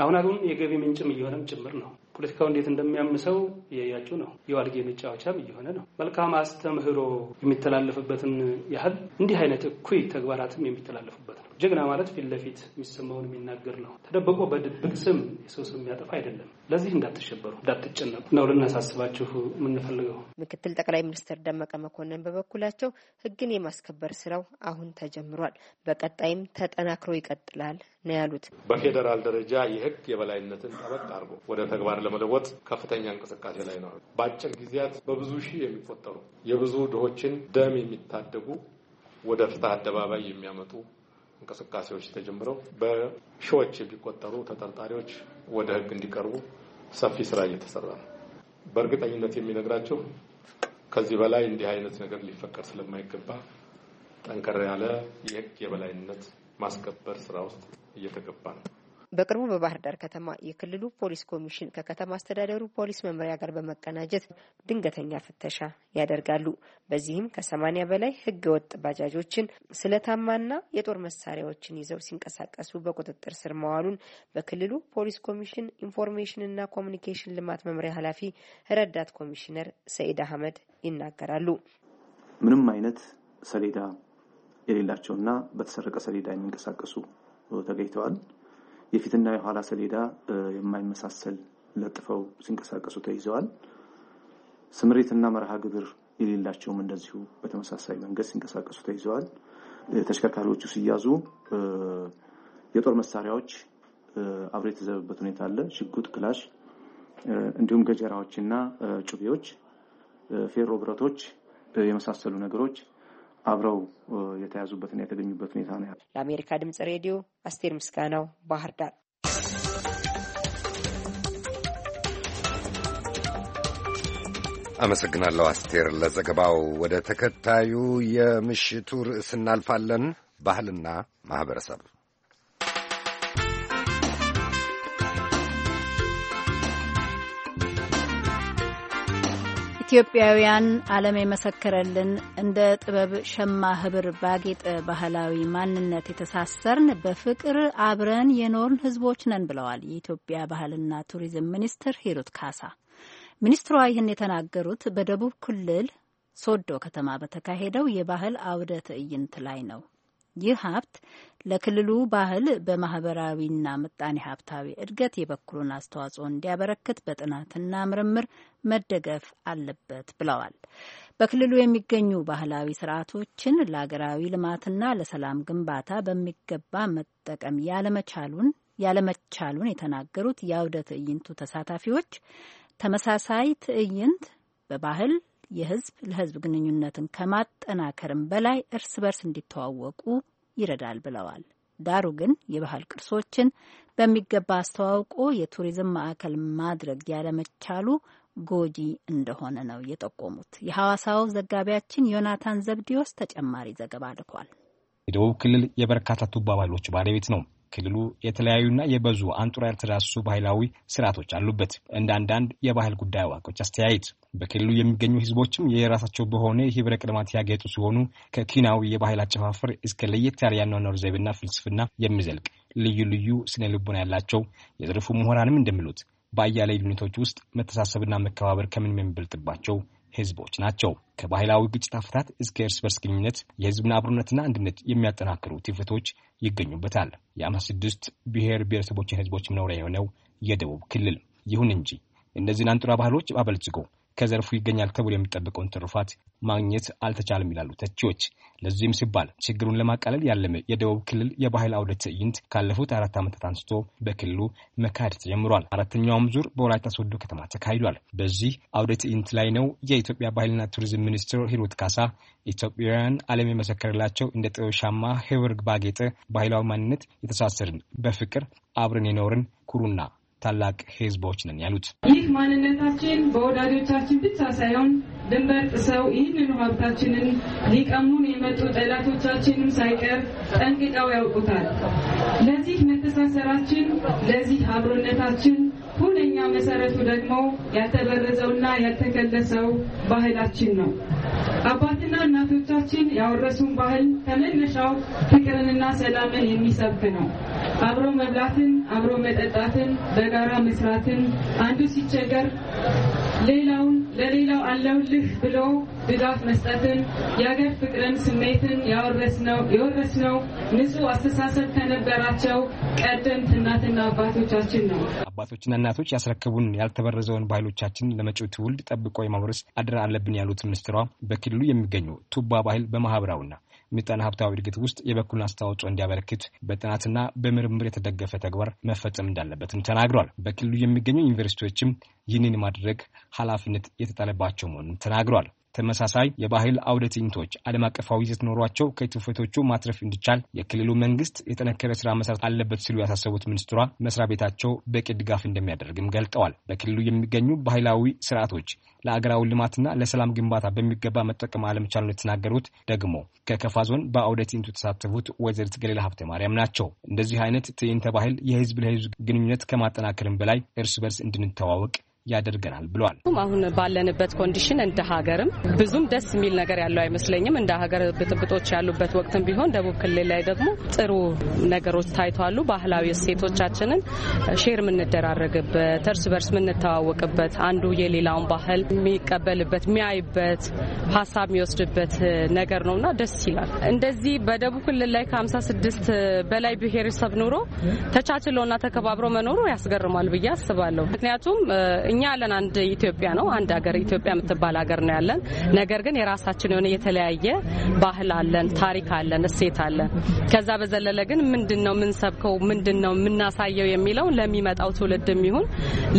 አሁን አሁን የገቢ ምንጭም እየሆነም ጭምር ነው። ፖለቲካው እንዴት እንደሚያምሰው እያያችሁ ነው። የዋልጌ መጫወቻም እየሆነ ነው። መልካም አስተምህሮ የሚተላለፍበትን ያህል እንዲህ አይነት እኩይ ተግባራትም የሚተላለፉበት ነው። ጀግና ማለት ፊት ለፊት የሚሰማውን የሚናገር ነው። ተደብቆ በድብቅ ስም የሰው ስም የሚያጠፋ አይደለም። ለዚህ እንዳትሸበሩ፣ እንዳትጨነቁ ነው ልናሳስባችሁ የምንፈልገው። ምክትል ጠቅላይ ሚኒስትር ደመቀ መኮንን በበኩላቸው ህግን የማስከበር ስራው አሁን ተጀምሯል፣ በቀጣይም ተጠናክሮ ይቀጥላል ነው ያሉት። በፌዴራል ደረጃ የህግ የበላይነትን ጠበቅ አድርጎ ወደ ተግባር ለመለወጥ ከፍተኛ እንቅስቃሴ ላይ ነው። በአጭር ጊዜያት በብዙ ሺህ የሚቆጠሩ የብዙ ድሆችን ደም የሚታደጉ ወደ ፍትህ አደባባይ የሚያመጡ እንቅስቃሴዎች ተጀምረው በሺዎች የሚቆጠሩ ተጠርጣሪዎች ወደ ህግ እንዲቀርቡ ሰፊ ስራ እየተሰራ ነው። በእርግጠኝነት የሚነግራቸው ከዚህ በላይ እንዲህ አይነት ነገር ሊፈቀድ ስለማይገባ ጠንከር ያለ የህግ የበላይነት ማስከበር ስራ ውስጥ እየተገባ ነው። በቅርቡ በባህር ዳር ከተማ የክልሉ ፖሊስ ኮሚሽን ከከተማ አስተዳደሩ ፖሊስ መምሪያ ጋር በመቀናጀት ድንገተኛ ፍተሻ ያደርጋሉ። በዚህም ከሰማኒያ በላይ ህገወጥ ባጃጆችን ስለታማና የጦር መሳሪያዎችን ይዘው ሲንቀሳቀሱ በቁጥጥር ስር መዋሉን በክልሉ ፖሊስ ኮሚሽን ኢንፎርሜሽን ና ኮሚኒኬሽን ልማት መምሪያ ኃላፊ ረዳት ኮሚሽነር ሰኢድ አህመድ ይናገራሉ። ምንም አይነት ሰሌዳ የሌላቸውና በተሰረቀ ሰሌዳ የሚንቀሳቀሱ ተገኝተዋል። የፊትና የኋላ ሰሌዳ የማይመሳሰል ለጥፈው ሲንቀሳቀሱ ተይዘዋል። ስምሪትና መርሃ ግብር የሌላቸውም እንደዚሁ በተመሳሳይ መንገድ ሲንቀሳቀሱ ተይዘዋል። ተሽከርካሪዎቹ ሲያዙ የጦር መሳሪያዎች አብሮ የተዘበበት ሁኔታ አለ። ሽጉጥ፣ ክላሽ እንዲሁም ገጀራዎችና ጩቤዎች፣ ፌሮ ብረቶች የመሳሰሉ ነገሮች አብረው የተያዙበትና የተገኙበት ሁኔታ ነው ያለ ለአሜሪካ ድምጽ ሬዲዮ አስቴር ምስጋናው ባህር ዳር። አመሰግናለሁ አስቴር ለዘገባው። ወደ ተከታዩ የምሽቱ ርዕስ እናልፋለን። ባህልና ማህበረሰብ ኢትዮጵያውያን ዓለም የመሰከረልን እንደ ጥበብ ሸማ ህብር ባጌጠ ባህላዊ ማንነት የተሳሰርን በፍቅር አብረን የኖርን ህዝቦች ነን ብለዋል የኢትዮጵያ ባህልና ቱሪዝም ሚኒስትር ሂሩት ካሳ። ሚኒስትሯ ይህን የተናገሩት በደቡብ ክልል ሶዶ ከተማ በተካሄደው የባህል አውደ ትዕይንት ላይ ነው። ይህ ሀብት ለክልሉ ባህል በማህበራዊና ምጣኔ ሀብታዊ እድገት የበኩሉን አስተዋጽኦ እንዲያበረክት በጥናትና ምርምር መደገፍ አለበት ብለዋል። በክልሉ የሚገኙ ባህላዊ ስርዓቶችን ለሀገራዊ ልማትና ለሰላም ግንባታ በሚገባ መጠቀም ያለመቻሉን ያለመቻሉን የተናገሩት የአውደ ትዕይንቱ ተሳታፊዎች ተመሳሳይ ትዕይንት በባህል የህዝብ ለህዝብ ግንኙነትን ከማጠናከርም በላይ እርስ በርስ እንዲተዋወቁ ይረዳል ብለዋል። ዳሩ ግን የባህል ቅርሶችን በሚገባ አስተዋውቆ የቱሪዝም ማዕከል ማድረግ ያለመቻሉ ጎጂ እንደሆነ ነው የጠቆሙት። የሐዋሳው ዘጋቢያችን ዮናታን ዘብዲዮስ ተጨማሪ ዘገባ ልኳል። የደቡብ ክልል የበርካታ ቱባ ባህሎች ባለቤት ነው። ክልሉ የተለያዩና የበዙ አንጡራ ያልተዳሰሱ ባህላዊ ስርዓቶች አሉበት። እንደ አንዳንድ የባህል ጉዳይ አዋቂዎች አስተያየት በክልሉ የሚገኙ ህዝቦችም የራሳቸው በሆነ ህብረ ቀለማት ያጌጡ ሲሆኑ ከኪናዊ የባህል አጨፋፈር እስከ ለየት ያለ ያኗኗር ዘይቤና ፍልስፍና የሚዘልቅ ልዩ ልዩ ስነ ልቦና ያላቸው የዘርፉ ምሁራንም እንደሚሉት በአያሌ ልዩነቶች ውስጥ መተሳሰብና መከባበር ከምንም የሚበልጥባቸው ህዝቦች ናቸው። ከባህላዊ ግጭት አፈታት እስከ እርስ በርስ ግንኙነት የህዝብና አብሮነትና አንድነት የሚያጠናክሩ ትፍቶች ይገኙበታል። የአምሳ ስድስት ብሔር ብሔረሰቦችን ህዝቦች መኖሪያ የሆነው የደቡብ ክልል ይሁን እንጂ እነዚህን አንጡራ ባህሎች አበልጽጎ ከዘርፉ ይገኛል ተብሎ የሚጠበቀውን ትሩፋት ማግኘት አልተቻለም ይላሉ ተቺዎች። ለዚህም ሲባል ችግሩን ለማቃለል ያለመ የደቡብ ክልል የባህል አውደ ትዕይንት ካለፉት አራት ዓመታት አንስቶ በክልሉ መካሄድ ተጀምሯል። አራተኛውም ዙር በወላይታ ሶዶ ከተማ ተካሂዷል። በዚህ አውደ ትዕይንት ላይ ነው የኢትዮጵያ ባህልና ቱሪዝም ሚኒስትር ሂሩት ካሳ ኢትዮጵያውያን ዓለም የመሰከረላቸው እንደ ጥበብ ሻማ ህብርግ ባጌጠ ባህላዊ ማንነት የተሳሰርን በፍቅር አብረን የኖርን ኩሩና ታላቅ ህዝቦች ነን ያሉት ይህ ማንነታችን በወዳጆቻችን ብቻ ሳይሆን ድንበር ጥሰው ይህንኑ ሀብታችንን ሊቀሙን የመጡ ጠላቶቻችንም ሳይቀር ጠንቅቀው ያውቁታል። ለዚህ መተሳሰራችን፣ ለዚህ አብሮነታችን ሁነኛ መሰረቱ ደግሞ ያልተበረዘውና ያልተከለሰው ባህላችን ነው። አባትና እናቶቻችን ያወረሱን ባህል ከመነሻው ፍቅርንና ሰላምን የሚሰብክ ነው። አብሮ መብላትን፣ አብሮ መጠጣትን፣ በጋራ መስራትን፣ አንዱ ሲቸገር ለሌላው አለሁልህ ብሎ ድጋፍ መስጠትን የአገር ፍቅርን ስሜትን የወረስነው ንጹህ አስተሳሰብ ከነበራቸው ቀደምት እናትና አባቶቻችን ነው። አባቶችና እናቶች ያስረከቡን ያልተበረዘውን ባህሎቻችን ለመጪው ትውልድ ጠብቆ የማውረስ አደራ አለብን ያሉት ሚኒስትሯ በክልሉ የሚገኙ ቱባ ባህል በማህበራዊና ምጣኔ ሀብታዊ እድገት ውስጥ የበኩሉን አስተዋጽኦ እንዲያበረክት በጥናትና በምርምር የተደገፈ ተግባር መፈጸም እንዳለበትም ተናግሯል። በክልሉ የሚገኙ ዩኒቨርሲቲዎችም ይህንን ማድረግ ኃላፊነት የተጣለባቸው መሆኑን ተናግሯል። ተመሳሳይ የባህል አውደ ትዕይንቶች ዓለም አቀፋዊ ይዘት ኖሯቸው ከትውፊቶቹ ማትረፍ እንዲቻል የክልሉ መንግስት የጠነከረ ስራ መሰረት አለበት ሲሉ ያሳሰቡት ሚኒስትሯ መስሪያ ቤታቸው በቂ ድጋፍ እንደሚያደርግም ገልጠዋል። በክልሉ የሚገኙ ባህላዊ ስርዓቶች ለአገራዊ ልማትና ለሰላም ግንባታ በሚገባ መጠቀም አለመቻሉን የተናገሩት ደግሞ ከከፋ ዞን በአውደ ትዕይንቱ የተሳተፉት ወይዘሪት ገሌላ ሀብተ ማርያም ናቸው። እንደዚህ አይነት ትዕይንተ ባህል የህዝብ ለህዝብ ግንኙነት ከማጠናከርም በላይ እርስ በርስ እንድንተዋወቅ ያደርገናል ብሏል። አሁን ባለንበት ኮንዲሽን እንደ ሀገርም ብዙም ደስ የሚል ነገር ያለው አይመስለኝም። እንደ ሀገር ብጥብጦች ያሉበት ወቅትም ቢሆን ደቡብ ክልል ላይ ደግሞ ጥሩ ነገሮች ታይተዋሉ። ባህላዊ እሴቶቻችንን ሼር የምንደራረግበት፣ እርስ በርስ የምንተዋወቅበት፣ አንዱ የሌላውን ባህል የሚቀበልበት፣ የሚያይበት፣ ሀሳብ የሚወስድበት ነገር ነውና ደስ ይላል። እንደዚህ በደቡብ ክልል ላይ ከ56 በላይ ብሔረሰብ ኑሮ ተቻችሎና ተከባብሮ መኖሩ ያስገርማል ብዬ አስባለሁ። ምክንያቱም እኛ ያለን አንድ ኢትዮጵያ ነው። አንድ ሀገር ኢትዮጵያ የምትባል ሀገር ነው ያለን። ነገር ግን የራሳችን የሆነ የተለያየ ባህል አለን፣ ታሪክ አለን፣ እሴት አለን። ከዛ በዘለለ ግን ምንድን ነው የምንሰብከው፣ ምንድን ነው የምናሳየው የሚለው ለሚመጣው ትውልድ የሚሆን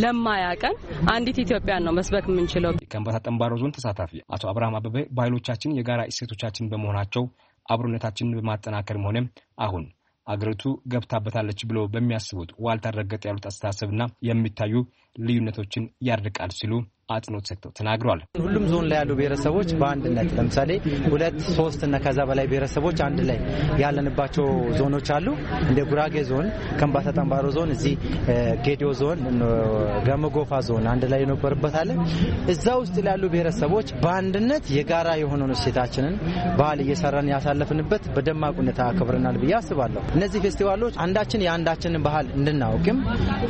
ለማያቀን አንዲት ኢትዮጵያን ነው መስበክ የምንችለው። የከምባታ ጠንባሮ ዞን ተሳታፊ አቶ አብርሃም አበበ ባህሎቻችን የጋራ እሴቶቻችን በመሆናቸው አብሮነታችንን በማጠናከርም ሆነ አሁን አገሪቱ ገብታበታለች ብሎ በሚያስቡት ዋልታ ረገጥ ያሉት አስተሳሰብና የሚታዩ ልዩነቶችን ያርቃል ሲሉ አጥኖት ሰጥተው ተናግሯል። ሁሉም ዞን ላይ ያሉ ብሔረሰቦች በአንድነት ለምሳሌ ሁለት ሶስት እና ከዛ በላይ ብሔረሰቦች አንድ ላይ ያለንባቸው ዞኖች አሉ። እንደ ጉራጌ ዞን፣ ከምባታ ዞን፣ እዚህ ጌዲዮ ዞን፣ ገመጎፋ ጎፋ ዞን አንድ ላይ የነበርበት አለ። እዛ ውስጥ ላሉ ብሔረሰቦች በአንድነት የጋራ የሆነውን እሴታችንን ባህል እየሰራን ያሳለፍንበት በደማቅ ሁኔታ አክብረናል ብዬ አስባለሁ። እነዚህ ፌስቲቫሎች አንዳችን የአንዳችንን ባህል እንድናውቅም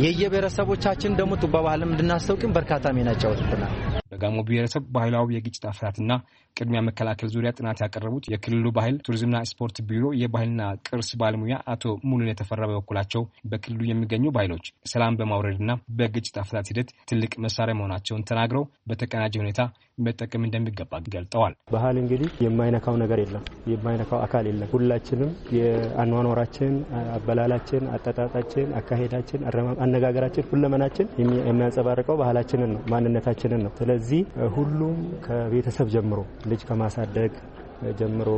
የየብሔረሰቦቻችን ደግሞ ጡባ ባህልም እንድናስተውቅም በርካታ ሚና ይጫወታል። ይወስናል። በጋሞ ብሔረሰብ ባህላዊ የግጭት አፈታትና ቅድሚያ መከላከል ዙሪያ ጥናት ያቀረቡት የክልሉ ባህል ቱሪዝምና ስፖርት ቢሮ የባህልና ቅርስ ባለሙያ አቶ ሙሉን የተፈራ በበኩላቸው በክልሉ የሚገኙ ባህሎች ሰላም በማውረድና በግጭት አፈታት ሂደት ትልቅ መሳሪያ መሆናቸውን ተናግረው በተቀናጀ ሁኔታ መጠቀም እንደሚገባ ገልጠዋል። ባህል እንግዲህ የማይነካው ነገር የለም፣ የማይነካው አካል የለም። ሁላችንም የአኗኗራችን፣ አበላላችን፣ አጠጣጣችን፣ አካሄዳችን፣ አነጋገራችን፣ ሁለመናችን የሚያንጸባርቀው ባህላችንን ነው፣ ማንነታችንን ነው። ስለዚህ ሁሉም ከቤተሰብ ጀምሮ ልጅ ከማሳደግ ጀምሮ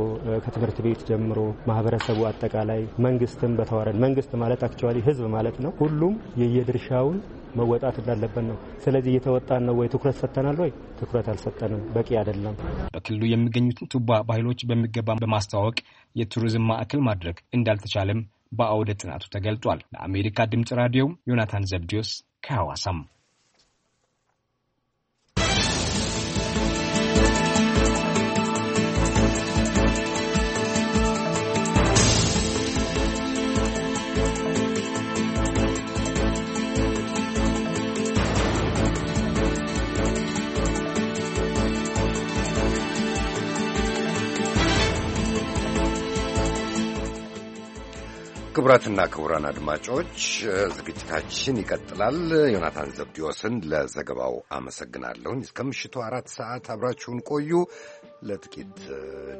ከትምህርት ቤት ጀምሮ ማህበረሰቡ አጠቃላይ መንግስትም በተዋረድ መንግስት ማለት አክቹዋሊ ህዝብ ማለት ነው። ሁሉም የየድርሻውን መወጣት እንዳለበት ነው። ስለዚህ እየተወጣን ነው ወይ? ትኩረት ሰጥተናል ወይ? ትኩረት አልሰጠንም። በቂ አይደለም። በክልሉ የሚገኙትን ቱባ ባህሎች በሚገባ በማስተዋወቅ የቱሪዝም ማዕከል ማድረግ እንዳልተቻለም በአውደ ጥናቱ ተገልጧል። ለአሜሪካ ድምጽ ራዲዮ ዮናታን ዘብዲዮስ ከሐዋሳም ክቡራትና ክቡራን አድማጮች ዝግጅታችን ይቀጥላል። ዮናታን ዘብዲዎስን ለዘገባው አመሰግናለሁ እስከ ምሽቱ አራት ሰዓት አብራችሁን ቆዩ። ለጥቂት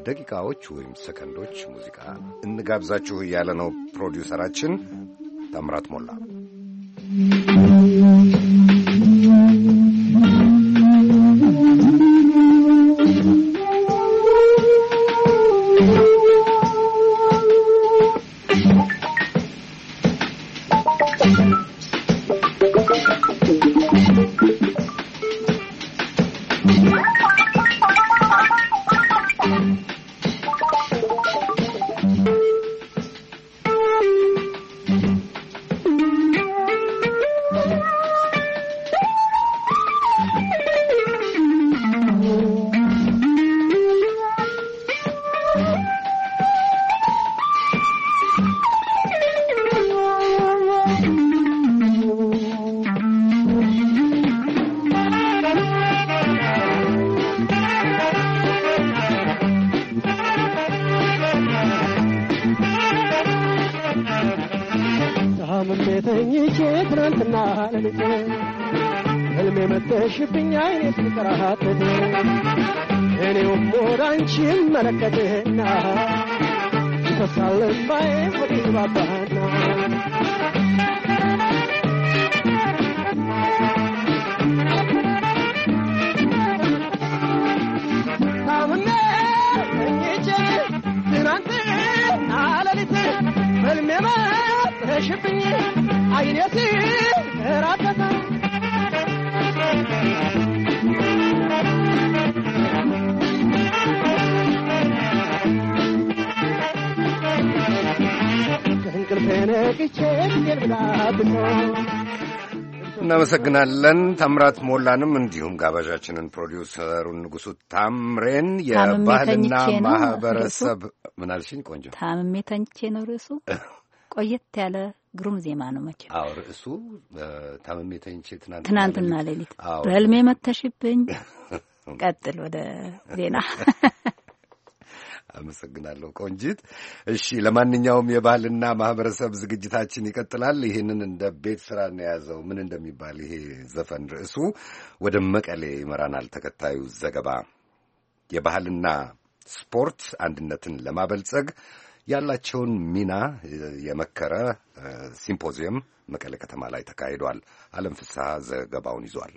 ደቂቃዎች ወይም ሰከንዶች ሙዚቃ እንጋብዛችሁ እያለ ነው ፕሮዲውሰራችን ታምራት ሞላ። አየሽብኝ አይኔ ፍቅራት እኔውም ወደ አንቺ መለከትህና ይፈሳል እምባዬ ወዲህ ባባህና እናመሰግናለን ታምራት ሞላንም እንዲሁም ጋባዣችንን ፕሮዲውሰሩን ንጉሱ ታምሬን የባህልና ማህበረሰብ ምናልሽኝ ቆንጆ ታምሜ ተኝቼ ነው ርዕሱ ቆየት ያለ ግሩም ዜማ ነው መቼ አዎ ርዕሱ ታምሜ ተኝቼ ትናንትና ሌሊት በህልሜ መተሽብኝ ቀጥል ወደ ዜና አመሰግናለሁ ቆንጂት። እሺ፣ ለማንኛውም የባህልና ማህበረሰብ ዝግጅታችን ይቀጥላል። ይህንን እንደ ቤት ስራ የያዘው ምን እንደሚባል ይሄ ዘፈን ርዕሱ ወደ መቀሌ ይመራናል። ተከታዩ ዘገባ የባህልና ስፖርት አንድነትን ለማበልጸግ ያላቸውን ሚና የመከረ ሲምፖዚየም መቀሌ ከተማ ላይ ተካሂዷል። አለም ፍስሐ ዘገባውን ይዟል።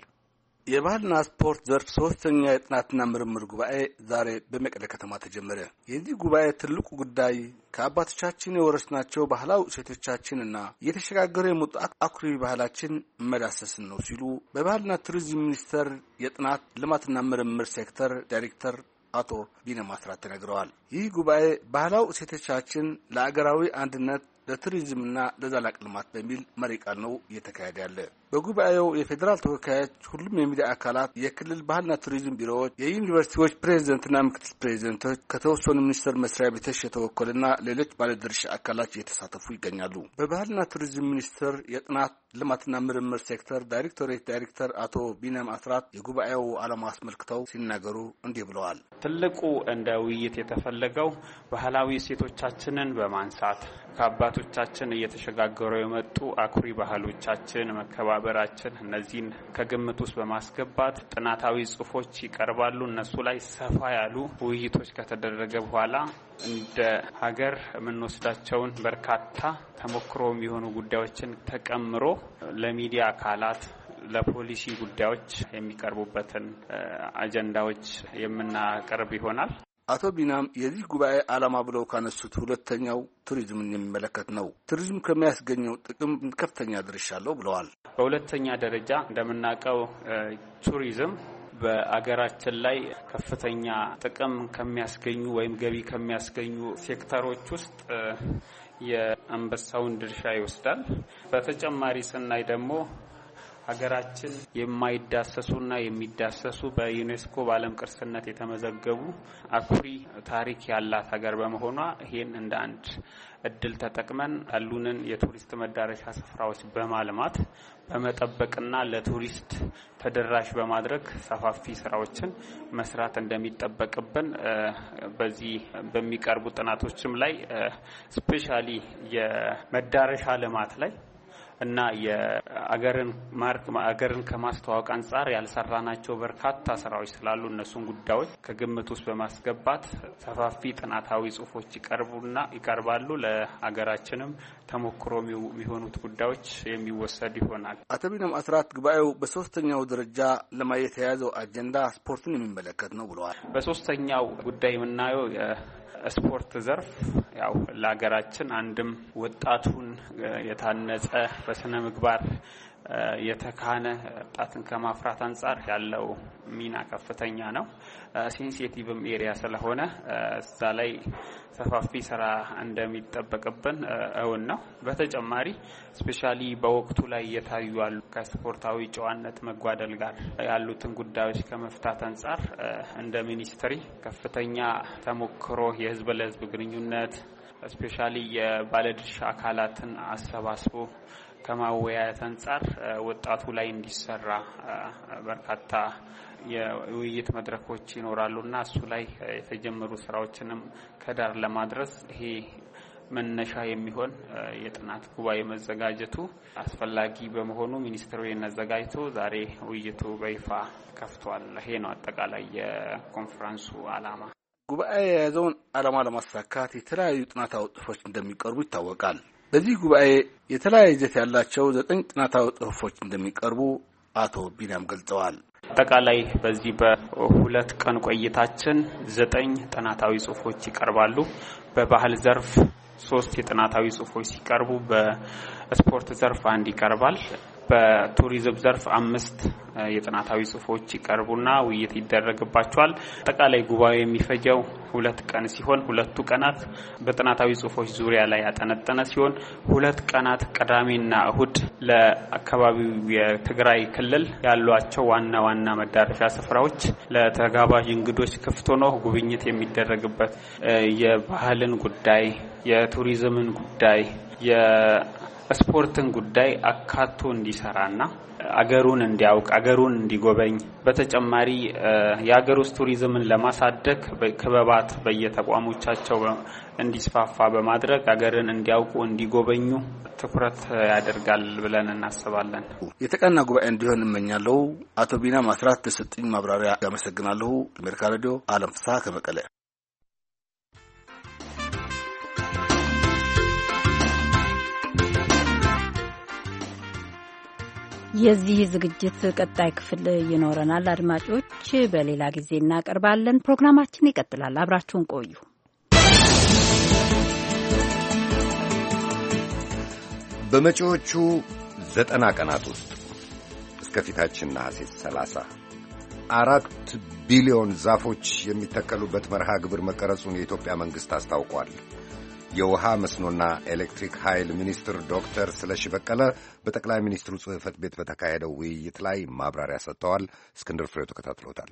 የባህልና ስፖርት ዘርፍ ሶስተኛ የጥናትና ምርምር ጉባኤ ዛሬ በመቀለ ከተማ ተጀመረ። የዚህ ጉባኤ ትልቁ ጉዳይ ከአባቶቻችን የወረስናቸው ባህላዊ እሴቶቻችንና እየተሸጋገረ የመጣት አኩሪ ባህላችን መዳሰስን ነው ሲሉ በባህልና ቱሪዝም ሚኒስቴር የጥናት ልማትና ምርምር ሴክተር ዳይሬክተር አቶ ቢነ ማስራት ተነግረዋል። ይህ ጉባኤ ባህላዊ እሴቶቻችን ለአገራዊ አንድነት፣ ለቱሪዝምና ለዘላቅ ልማት በሚል መሪ ቃል ነው እየተካሄደ ያለ በጉባኤው የፌዴራል ተወካዮች፣ ሁሉም የሚዲያ አካላት፣ የክልል ባህልና ቱሪዝም ቢሮዎች፣ የዩኒቨርሲቲዎች ፕሬዚደንትና ምክትል ፕሬዚደንቶች፣ ከተወሰኑ ሚኒስቴር መስሪያ ቤቶች የተወከሉና ሌሎች ባለድርሻ አካላት እየተሳተፉ ይገኛሉ። በባህልና ቱሪዝም ሚኒስቴር የጥናት ልማትና ምርምር ሴክተር ዳይሬክቶሬት ዳይሬክተር አቶ ቢነም አስራት የጉባኤው ዓላማ አስመልክተው ሲናገሩ እንዲህ ብለዋል። ትልቁ እንደ ውይይት የተፈለገው ባህላዊ እሴቶቻችንን በማንሳት ከአባቶቻችን እየተሸጋገሩ የመጡ አኩሪ ባህሎቻችን መከባ ማህበራችን እነዚህን ከግምት ውስጥ በማስገባት ጥናታዊ ጽሁፎች ይቀርባሉ። እነሱ ላይ ሰፋ ያሉ ውይይቶች ከተደረገ በኋላ እንደ ሀገር የምንወስዳቸውን በርካታ ተሞክሮ የሚሆኑ ጉዳዮችን ተቀምሮ ለሚዲያ አካላት ለፖሊሲ ጉዳዮች የሚቀርቡበትን አጀንዳዎች የምናቀርብ ይሆናል። አቶ ቢናም የዚህ ጉባኤ ዓላማ ብለው ካነሱት ሁለተኛው ቱሪዝምን የሚመለከት ነው። ቱሪዝም ከሚያስገኘው ጥቅም ከፍተኛ ድርሻ አለው ብለዋል። በሁለተኛ ደረጃ እንደምናውቀው ቱሪዝም በአገራችን ላይ ከፍተኛ ጥቅም ከሚያስገኙ ወይም ገቢ ከሚያስገኙ ሴክተሮች ውስጥ የአንበሳውን ድርሻ ይወስዳል። በተጨማሪ ስናይ ደግሞ ሀገራችን የማይዳሰሱና የሚዳሰሱ በዩኔስኮ በዓለም ቅርስነት የተመዘገቡ አኩሪ ታሪክ ያላት ሀገር በመሆኗ ይህን እንደ አንድ እድል ተጠቅመን ያሉንን የቱሪስት መዳረሻ ስፍራዎች በማልማት በመጠበቅና ለቱሪስት ተደራሽ በማድረግ ሰፋፊ ስራዎችን መስራት እንደሚጠበቅብን በዚህ በሚቀርቡ ጥናቶችም ላይ ስፔሻሊ የመዳረሻ ልማት ላይ እና የአገርን ማርክ አገርን ከማስተዋወቅ አንጻር ያልሰራናቸው በርካታ ስራዎች ስላሉ እነሱን ጉዳዮች ከግምት ውስጥ በማስገባት ሰፋፊ ጥናታዊ ጽሁፎች ይቀርቡና ይቀርባሉ። ለሀገራችንም ተሞክሮ የሚሆኑት ጉዳዮች የሚወሰድ ይሆናል። አቶ ቢነም አስራት ጉባኤው በሶስተኛው ደረጃ ለማየት የያዘው አጀንዳ ስፖርትን የሚመለከት ነው ብለዋል። በሶስተኛው ጉዳይ የምናየው ስፖርት ዘርፍ ያው ለሀገራችን አንድም ወጣቱን የታነጸ በስነ ምግባር የተካነ ወጣትን ከማፍራት አንጻር ያለው ሚና ከፍተኛ ነው። ሴንሲቲቭም ኤሪያ ስለሆነ እዛ ላይ ሰፋፊ ስራ እንደሚጠበቅብን እውን ነው። በተጨማሪ ስፔሻሊ በወቅቱ ላይ እየታዩ ያሉ ከስፖርታዊ ጨዋነት መጓደል ጋር ያሉትን ጉዳዮች ከመፍታት አንጻር እንደ ሚኒስትሪ ከፍተኛ ተሞክሮ የህዝብ ለህዝብ ግንኙነት ስፔሻሊ የባለድርሻ አካላትን አሰባስቦ ከማወያየት አንጻር ወጣቱ ላይ እንዲሰራ በርካታ የውይይት መድረኮች ይኖራሉና እሱ ላይ የተጀመሩ ስራዎችንም ከዳር ለማድረስ ይሄ መነሻ የሚሆን የጥናት ጉባኤ መዘጋጀቱ አስፈላጊ በመሆኑ ሚኒስትሩ አዘጋጅቶ ዛሬ ውይይቱ በይፋ ከፍቷል። ይሄ ነው አጠቃላይ የኮንፈረንሱ ዓላማ። ጉባኤ የያዘውን ዓላማ ለማሳካት የተለያዩ ጥናታዊ ጽሑፎች እንደሚቀርቡ ይታወቃል። በዚህ ጉባኤ የተለያየ ይዘት ያላቸው ዘጠኝ ጥናታዊ ጽሁፎች እንደሚቀርቡ አቶ ቢንያም ገልጸዋል። አጠቃላይ በዚህ በሁለት ቀን ቆይታችን ዘጠኝ ጥናታዊ ጽሁፎች ይቀርባሉ። በባህል ዘርፍ ሶስት የጥናታዊ ጽሁፎች ሲቀርቡ፣ በስፖርት ዘርፍ አንድ ይቀርባል። በቱሪዝም ዘርፍ አምስት የጥናታዊ ጽሁፎች ይቀርቡና ውይይት ይደረግባቸዋል። አጠቃላይ ጉባኤ የሚፈጀው ሁለት ቀን ሲሆን ሁለቱ ቀናት በጥናታዊ ጽሁፎች ዙሪያ ላይ ያጠነጠነ ሲሆን ሁለት ቀናት ቅዳሜና እሁድ ለአካባቢው የትግራይ ክልል ያሏቸው ዋና ዋና መዳረሻ ስፍራዎች ለተጋባዥ እንግዶች ክፍት ሆኖ ጉብኝት የሚደረግበት የባህልን ጉዳይ፣ የቱሪዝምን ጉዳይ፣ ስፖርትን ጉዳይ አካቶ እንዲሰራና አገሩን እንዲያውቅ አገሩን እንዲጎበኝ በተጨማሪ የሀገር ውስጥ ቱሪዝምን ለማሳደግ ክበባት በየተቋሞቻቸው እንዲስፋፋ በማድረግ አገርን እንዲያውቁ እንዲጎበኙ ትኩረት ያደርጋል ብለን እናስባለን። የተቀና ጉባኤ እንዲሆን እመኛለሁ። አቶ ቢና ማስራት ተሰጥኝ ማብራሪያ ያመሰግናለሁ። አሜሪካ ሬዲዮ አለም ፍስሀ ከመቀለ የዚህ ዝግጅት ቀጣይ ክፍል ይኖረናል። አድማጮች፣ በሌላ ጊዜ እናቀርባለን። ፕሮግራማችን ይቀጥላል። አብራችሁን ቆዩ። በመጪዎቹ ዘጠና ቀናት ውስጥ እስከ ፊታችን ነሐሴ 30 አራት ቢሊዮን ዛፎች የሚተከሉበት መርሃ ግብር መቀረጹን የኢትዮጵያ መንግሥት አስታውቋል። የውሃ መስኖና ኤሌክትሪክ ኃይል ሚኒስትር ዶክተር ስለሺ በቀለ በጠቅላይ ሚኒስትሩ ጽህፈት ቤት በተካሄደው ውይይት ላይ ማብራሪያ ሰጥተዋል። እስክንድር ፍሬው ተከታትሎታል።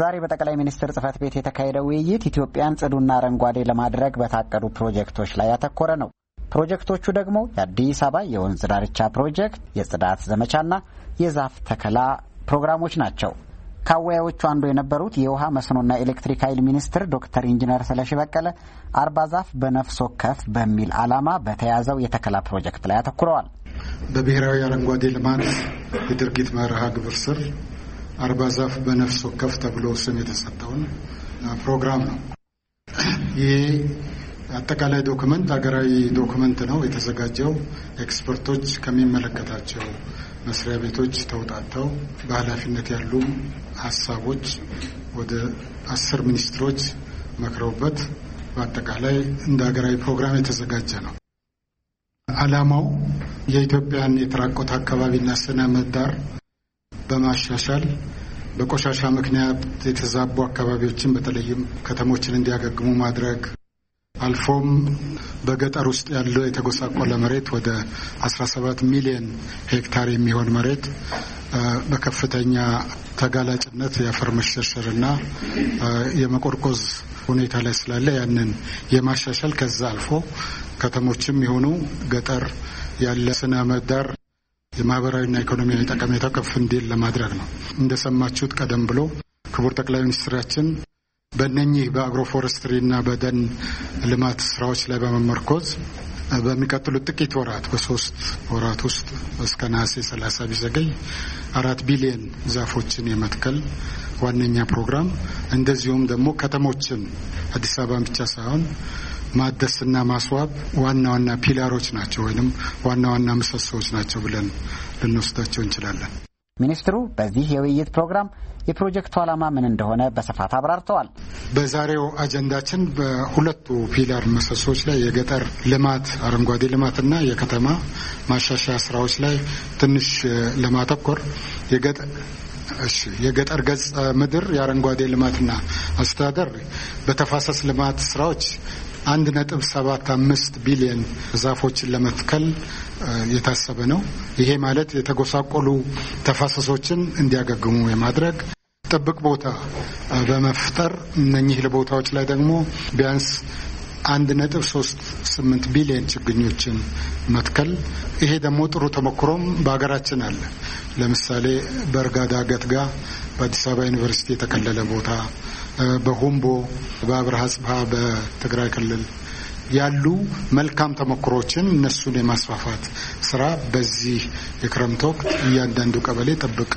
ዛሬ በጠቅላይ ሚኒስትር ጽህፈት ቤት የተካሄደው ውይይት ኢትዮጵያን ጽዱና አረንጓዴ ለማድረግ በታቀዱ ፕሮጀክቶች ላይ ያተኮረ ነው። ፕሮጀክቶቹ ደግሞ የአዲስ አበባ የወንዝ ዳርቻ ፕሮጀክት፣ የጽዳት ዘመቻና የዛፍ ተከላ ፕሮግራሞች ናቸው። ከአወያዮቹ አንዱ የነበሩት የውሃ መስኖና ኤሌክትሪክ ኃይል ሚኒስትር ዶክተር ኢንጂነር ስለሺ በቀለ አርባ ዛፍ በነፍስ ወከፍ በሚል ዓላማ በተያዘው የተከላ ፕሮጀክት ላይ አተኩረዋል። በብሔራዊ አረንጓዴ ልማት የድርጊት መርሃ ግብር ስር አርባ ዛፍ በነፍስ ወከፍ ተብሎ ስም የተሰጠውን ፕሮግራም ነው። ይህ አጠቃላይ ዶክመንት አገራዊ ዶክመንት ነው የተዘጋጀው ኤክስፐርቶች ከሚመለከታቸው መስሪያ ቤቶች ተውጣተው በኃላፊነት ያሉ ሀሳቦች ወደ አስር ሚኒስትሮች መክረውበት በአጠቃላይ እንደ ሀገራዊ ፕሮግራም የተዘጋጀ ነው። ዓላማው የኢትዮጵያን የተራቆተ አካባቢና ስነ ምህዳር በማሻሻል በቆሻሻ ምክንያት የተዛቡ አካባቢዎችን በተለይም ከተሞችን እንዲያገግሙ ማድረግ አልፎም በገጠር ውስጥ ያለው የተጎሳቆለ መሬት ወደ 17 ሚሊዮን ሄክታር የሚሆን መሬት በከፍተኛ ተጋላጭነት የአፈር መሸርሸርና የመቆርቆዝ ሁኔታ ላይ ስላለ ያንን የማሻሻል ከዛ አልፎ ከተሞችም የሆኑ ገጠር ያለ ስነ ምህዳር የማህበራዊና ኢኮኖሚያዊ ጠቀሜታው ከፍ እንዲል ለማድረግ ነው። እንደሰማችሁት ቀደም ብሎ ክቡር ጠቅላይ ሚኒስትራችን በእነኚህ በአግሮፎረስትሪ እና በደን ልማት ስራዎች ላይ በመመርኮዝ በሚቀጥሉት ጥቂት ወራት በሶስት ወራት ውስጥ እስከ ነሐሴ ሰላሳ ቢዘገይ አራት ቢሊየን ዛፎችን የመትከል ዋነኛ ፕሮግራም እንደዚሁም ደግሞ ከተሞችን አዲስ አበባን ብቻ ሳይሆን ማደስና ማስዋብ ዋና ዋና ፒላሮች ናቸው ወይም ዋና ዋና ምሰሶዎች ናቸው ብለን ልንወስዳቸው እንችላለን። ሚኒስትሩ በዚህ የውይይት ፕሮግራም የፕሮጀክቱ ዓላማ ምን እንደሆነ በስፋት አብራርተዋል። በዛሬው አጀንዳችን በሁለቱ ፒላር ምሰሶች ላይ የገጠር ልማት አረንጓዴ ልማትና የከተማ ማሻሻያ ስራዎች ላይ ትንሽ ለማተኮር የገጠር ገጽ ምድር የአረንጓዴ ልማትና አስተዳደር በተፋሰስ ልማት ስራዎች አንድ ነጥብ ሰባት አምስት ቢሊየን ዛፎችን ለመትከል የታሰበ ነው። ይሄ ማለት የተጎሳቆሉ ተፋሰሶችን እንዲያገግሙ የማድረግ ጥብቅ ቦታ በመፍጠር እነኚህ ለቦታዎች ላይ ደግሞ ቢያንስ አንድ ነጥብ ሶስት ስምንት ቢሊዮን ችግኞችን መትከል። ይሄ ደግሞ ጥሩ ተሞክሮም በሀገራችን አለ። ለምሳሌ በእርጋዳ ገትጋ በአዲስ አበባ ዩኒቨርሲቲ የተከለለ ቦታ በሆምቦ በአብርሃ ጽብሃ በትግራይ ክልል ያሉ መልካም ተሞክሮችን እነሱን የማስፋፋት ስራ በዚህ የክረምት ወቅት እያንዳንዱ ቀበሌ ጥብቅ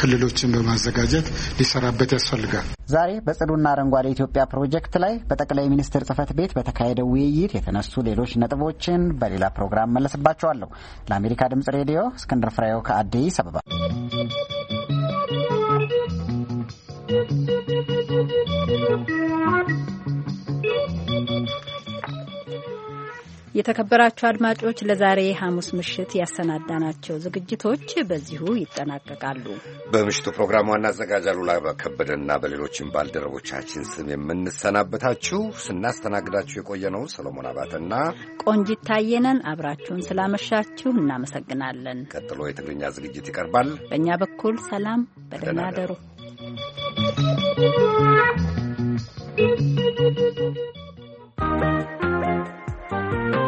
ክልሎችን በማዘጋጀት ሊሰራበት ያስፈልጋል። ዛሬ በጽዱና አረንጓዴ ኢትዮጵያ ፕሮጀክት ላይ በጠቅላይ ሚኒስትር ጽህፈት ቤት በተካሄደው ውይይት የተነሱ ሌሎች ነጥቦችን በሌላ ፕሮግራም መለስባቸዋለሁ። ለአሜሪካ ድምጽ ሬዲዮ እስክንድር ፍሬው ከአዲስ አበባ የተከበራቸው አድማጮች ለዛሬ ሐሙስ ምሽት ያሰናዳናቸው ዝግጅቶች በዚሁ ይጠናቀቃሉ። በምሽቱ ፕሮግራም ዋና አዘጋጅ አሉላ ከበደና በሌሎችም ባልደረቦቻችን ስም የምንሰናበታችሁ ስናስተናግዳችሁ የቆየ ነው ሰሎሞን አባተና ቆንጂት ታየነን አብራችሁን ስላመሻችሁ እናመሰግናለን። ቀጥሎ የትግርኛ ዝግጅት ይቀርባል። በእኛ በኩል ሰላም፣ በደህና ደሩ። Thank you.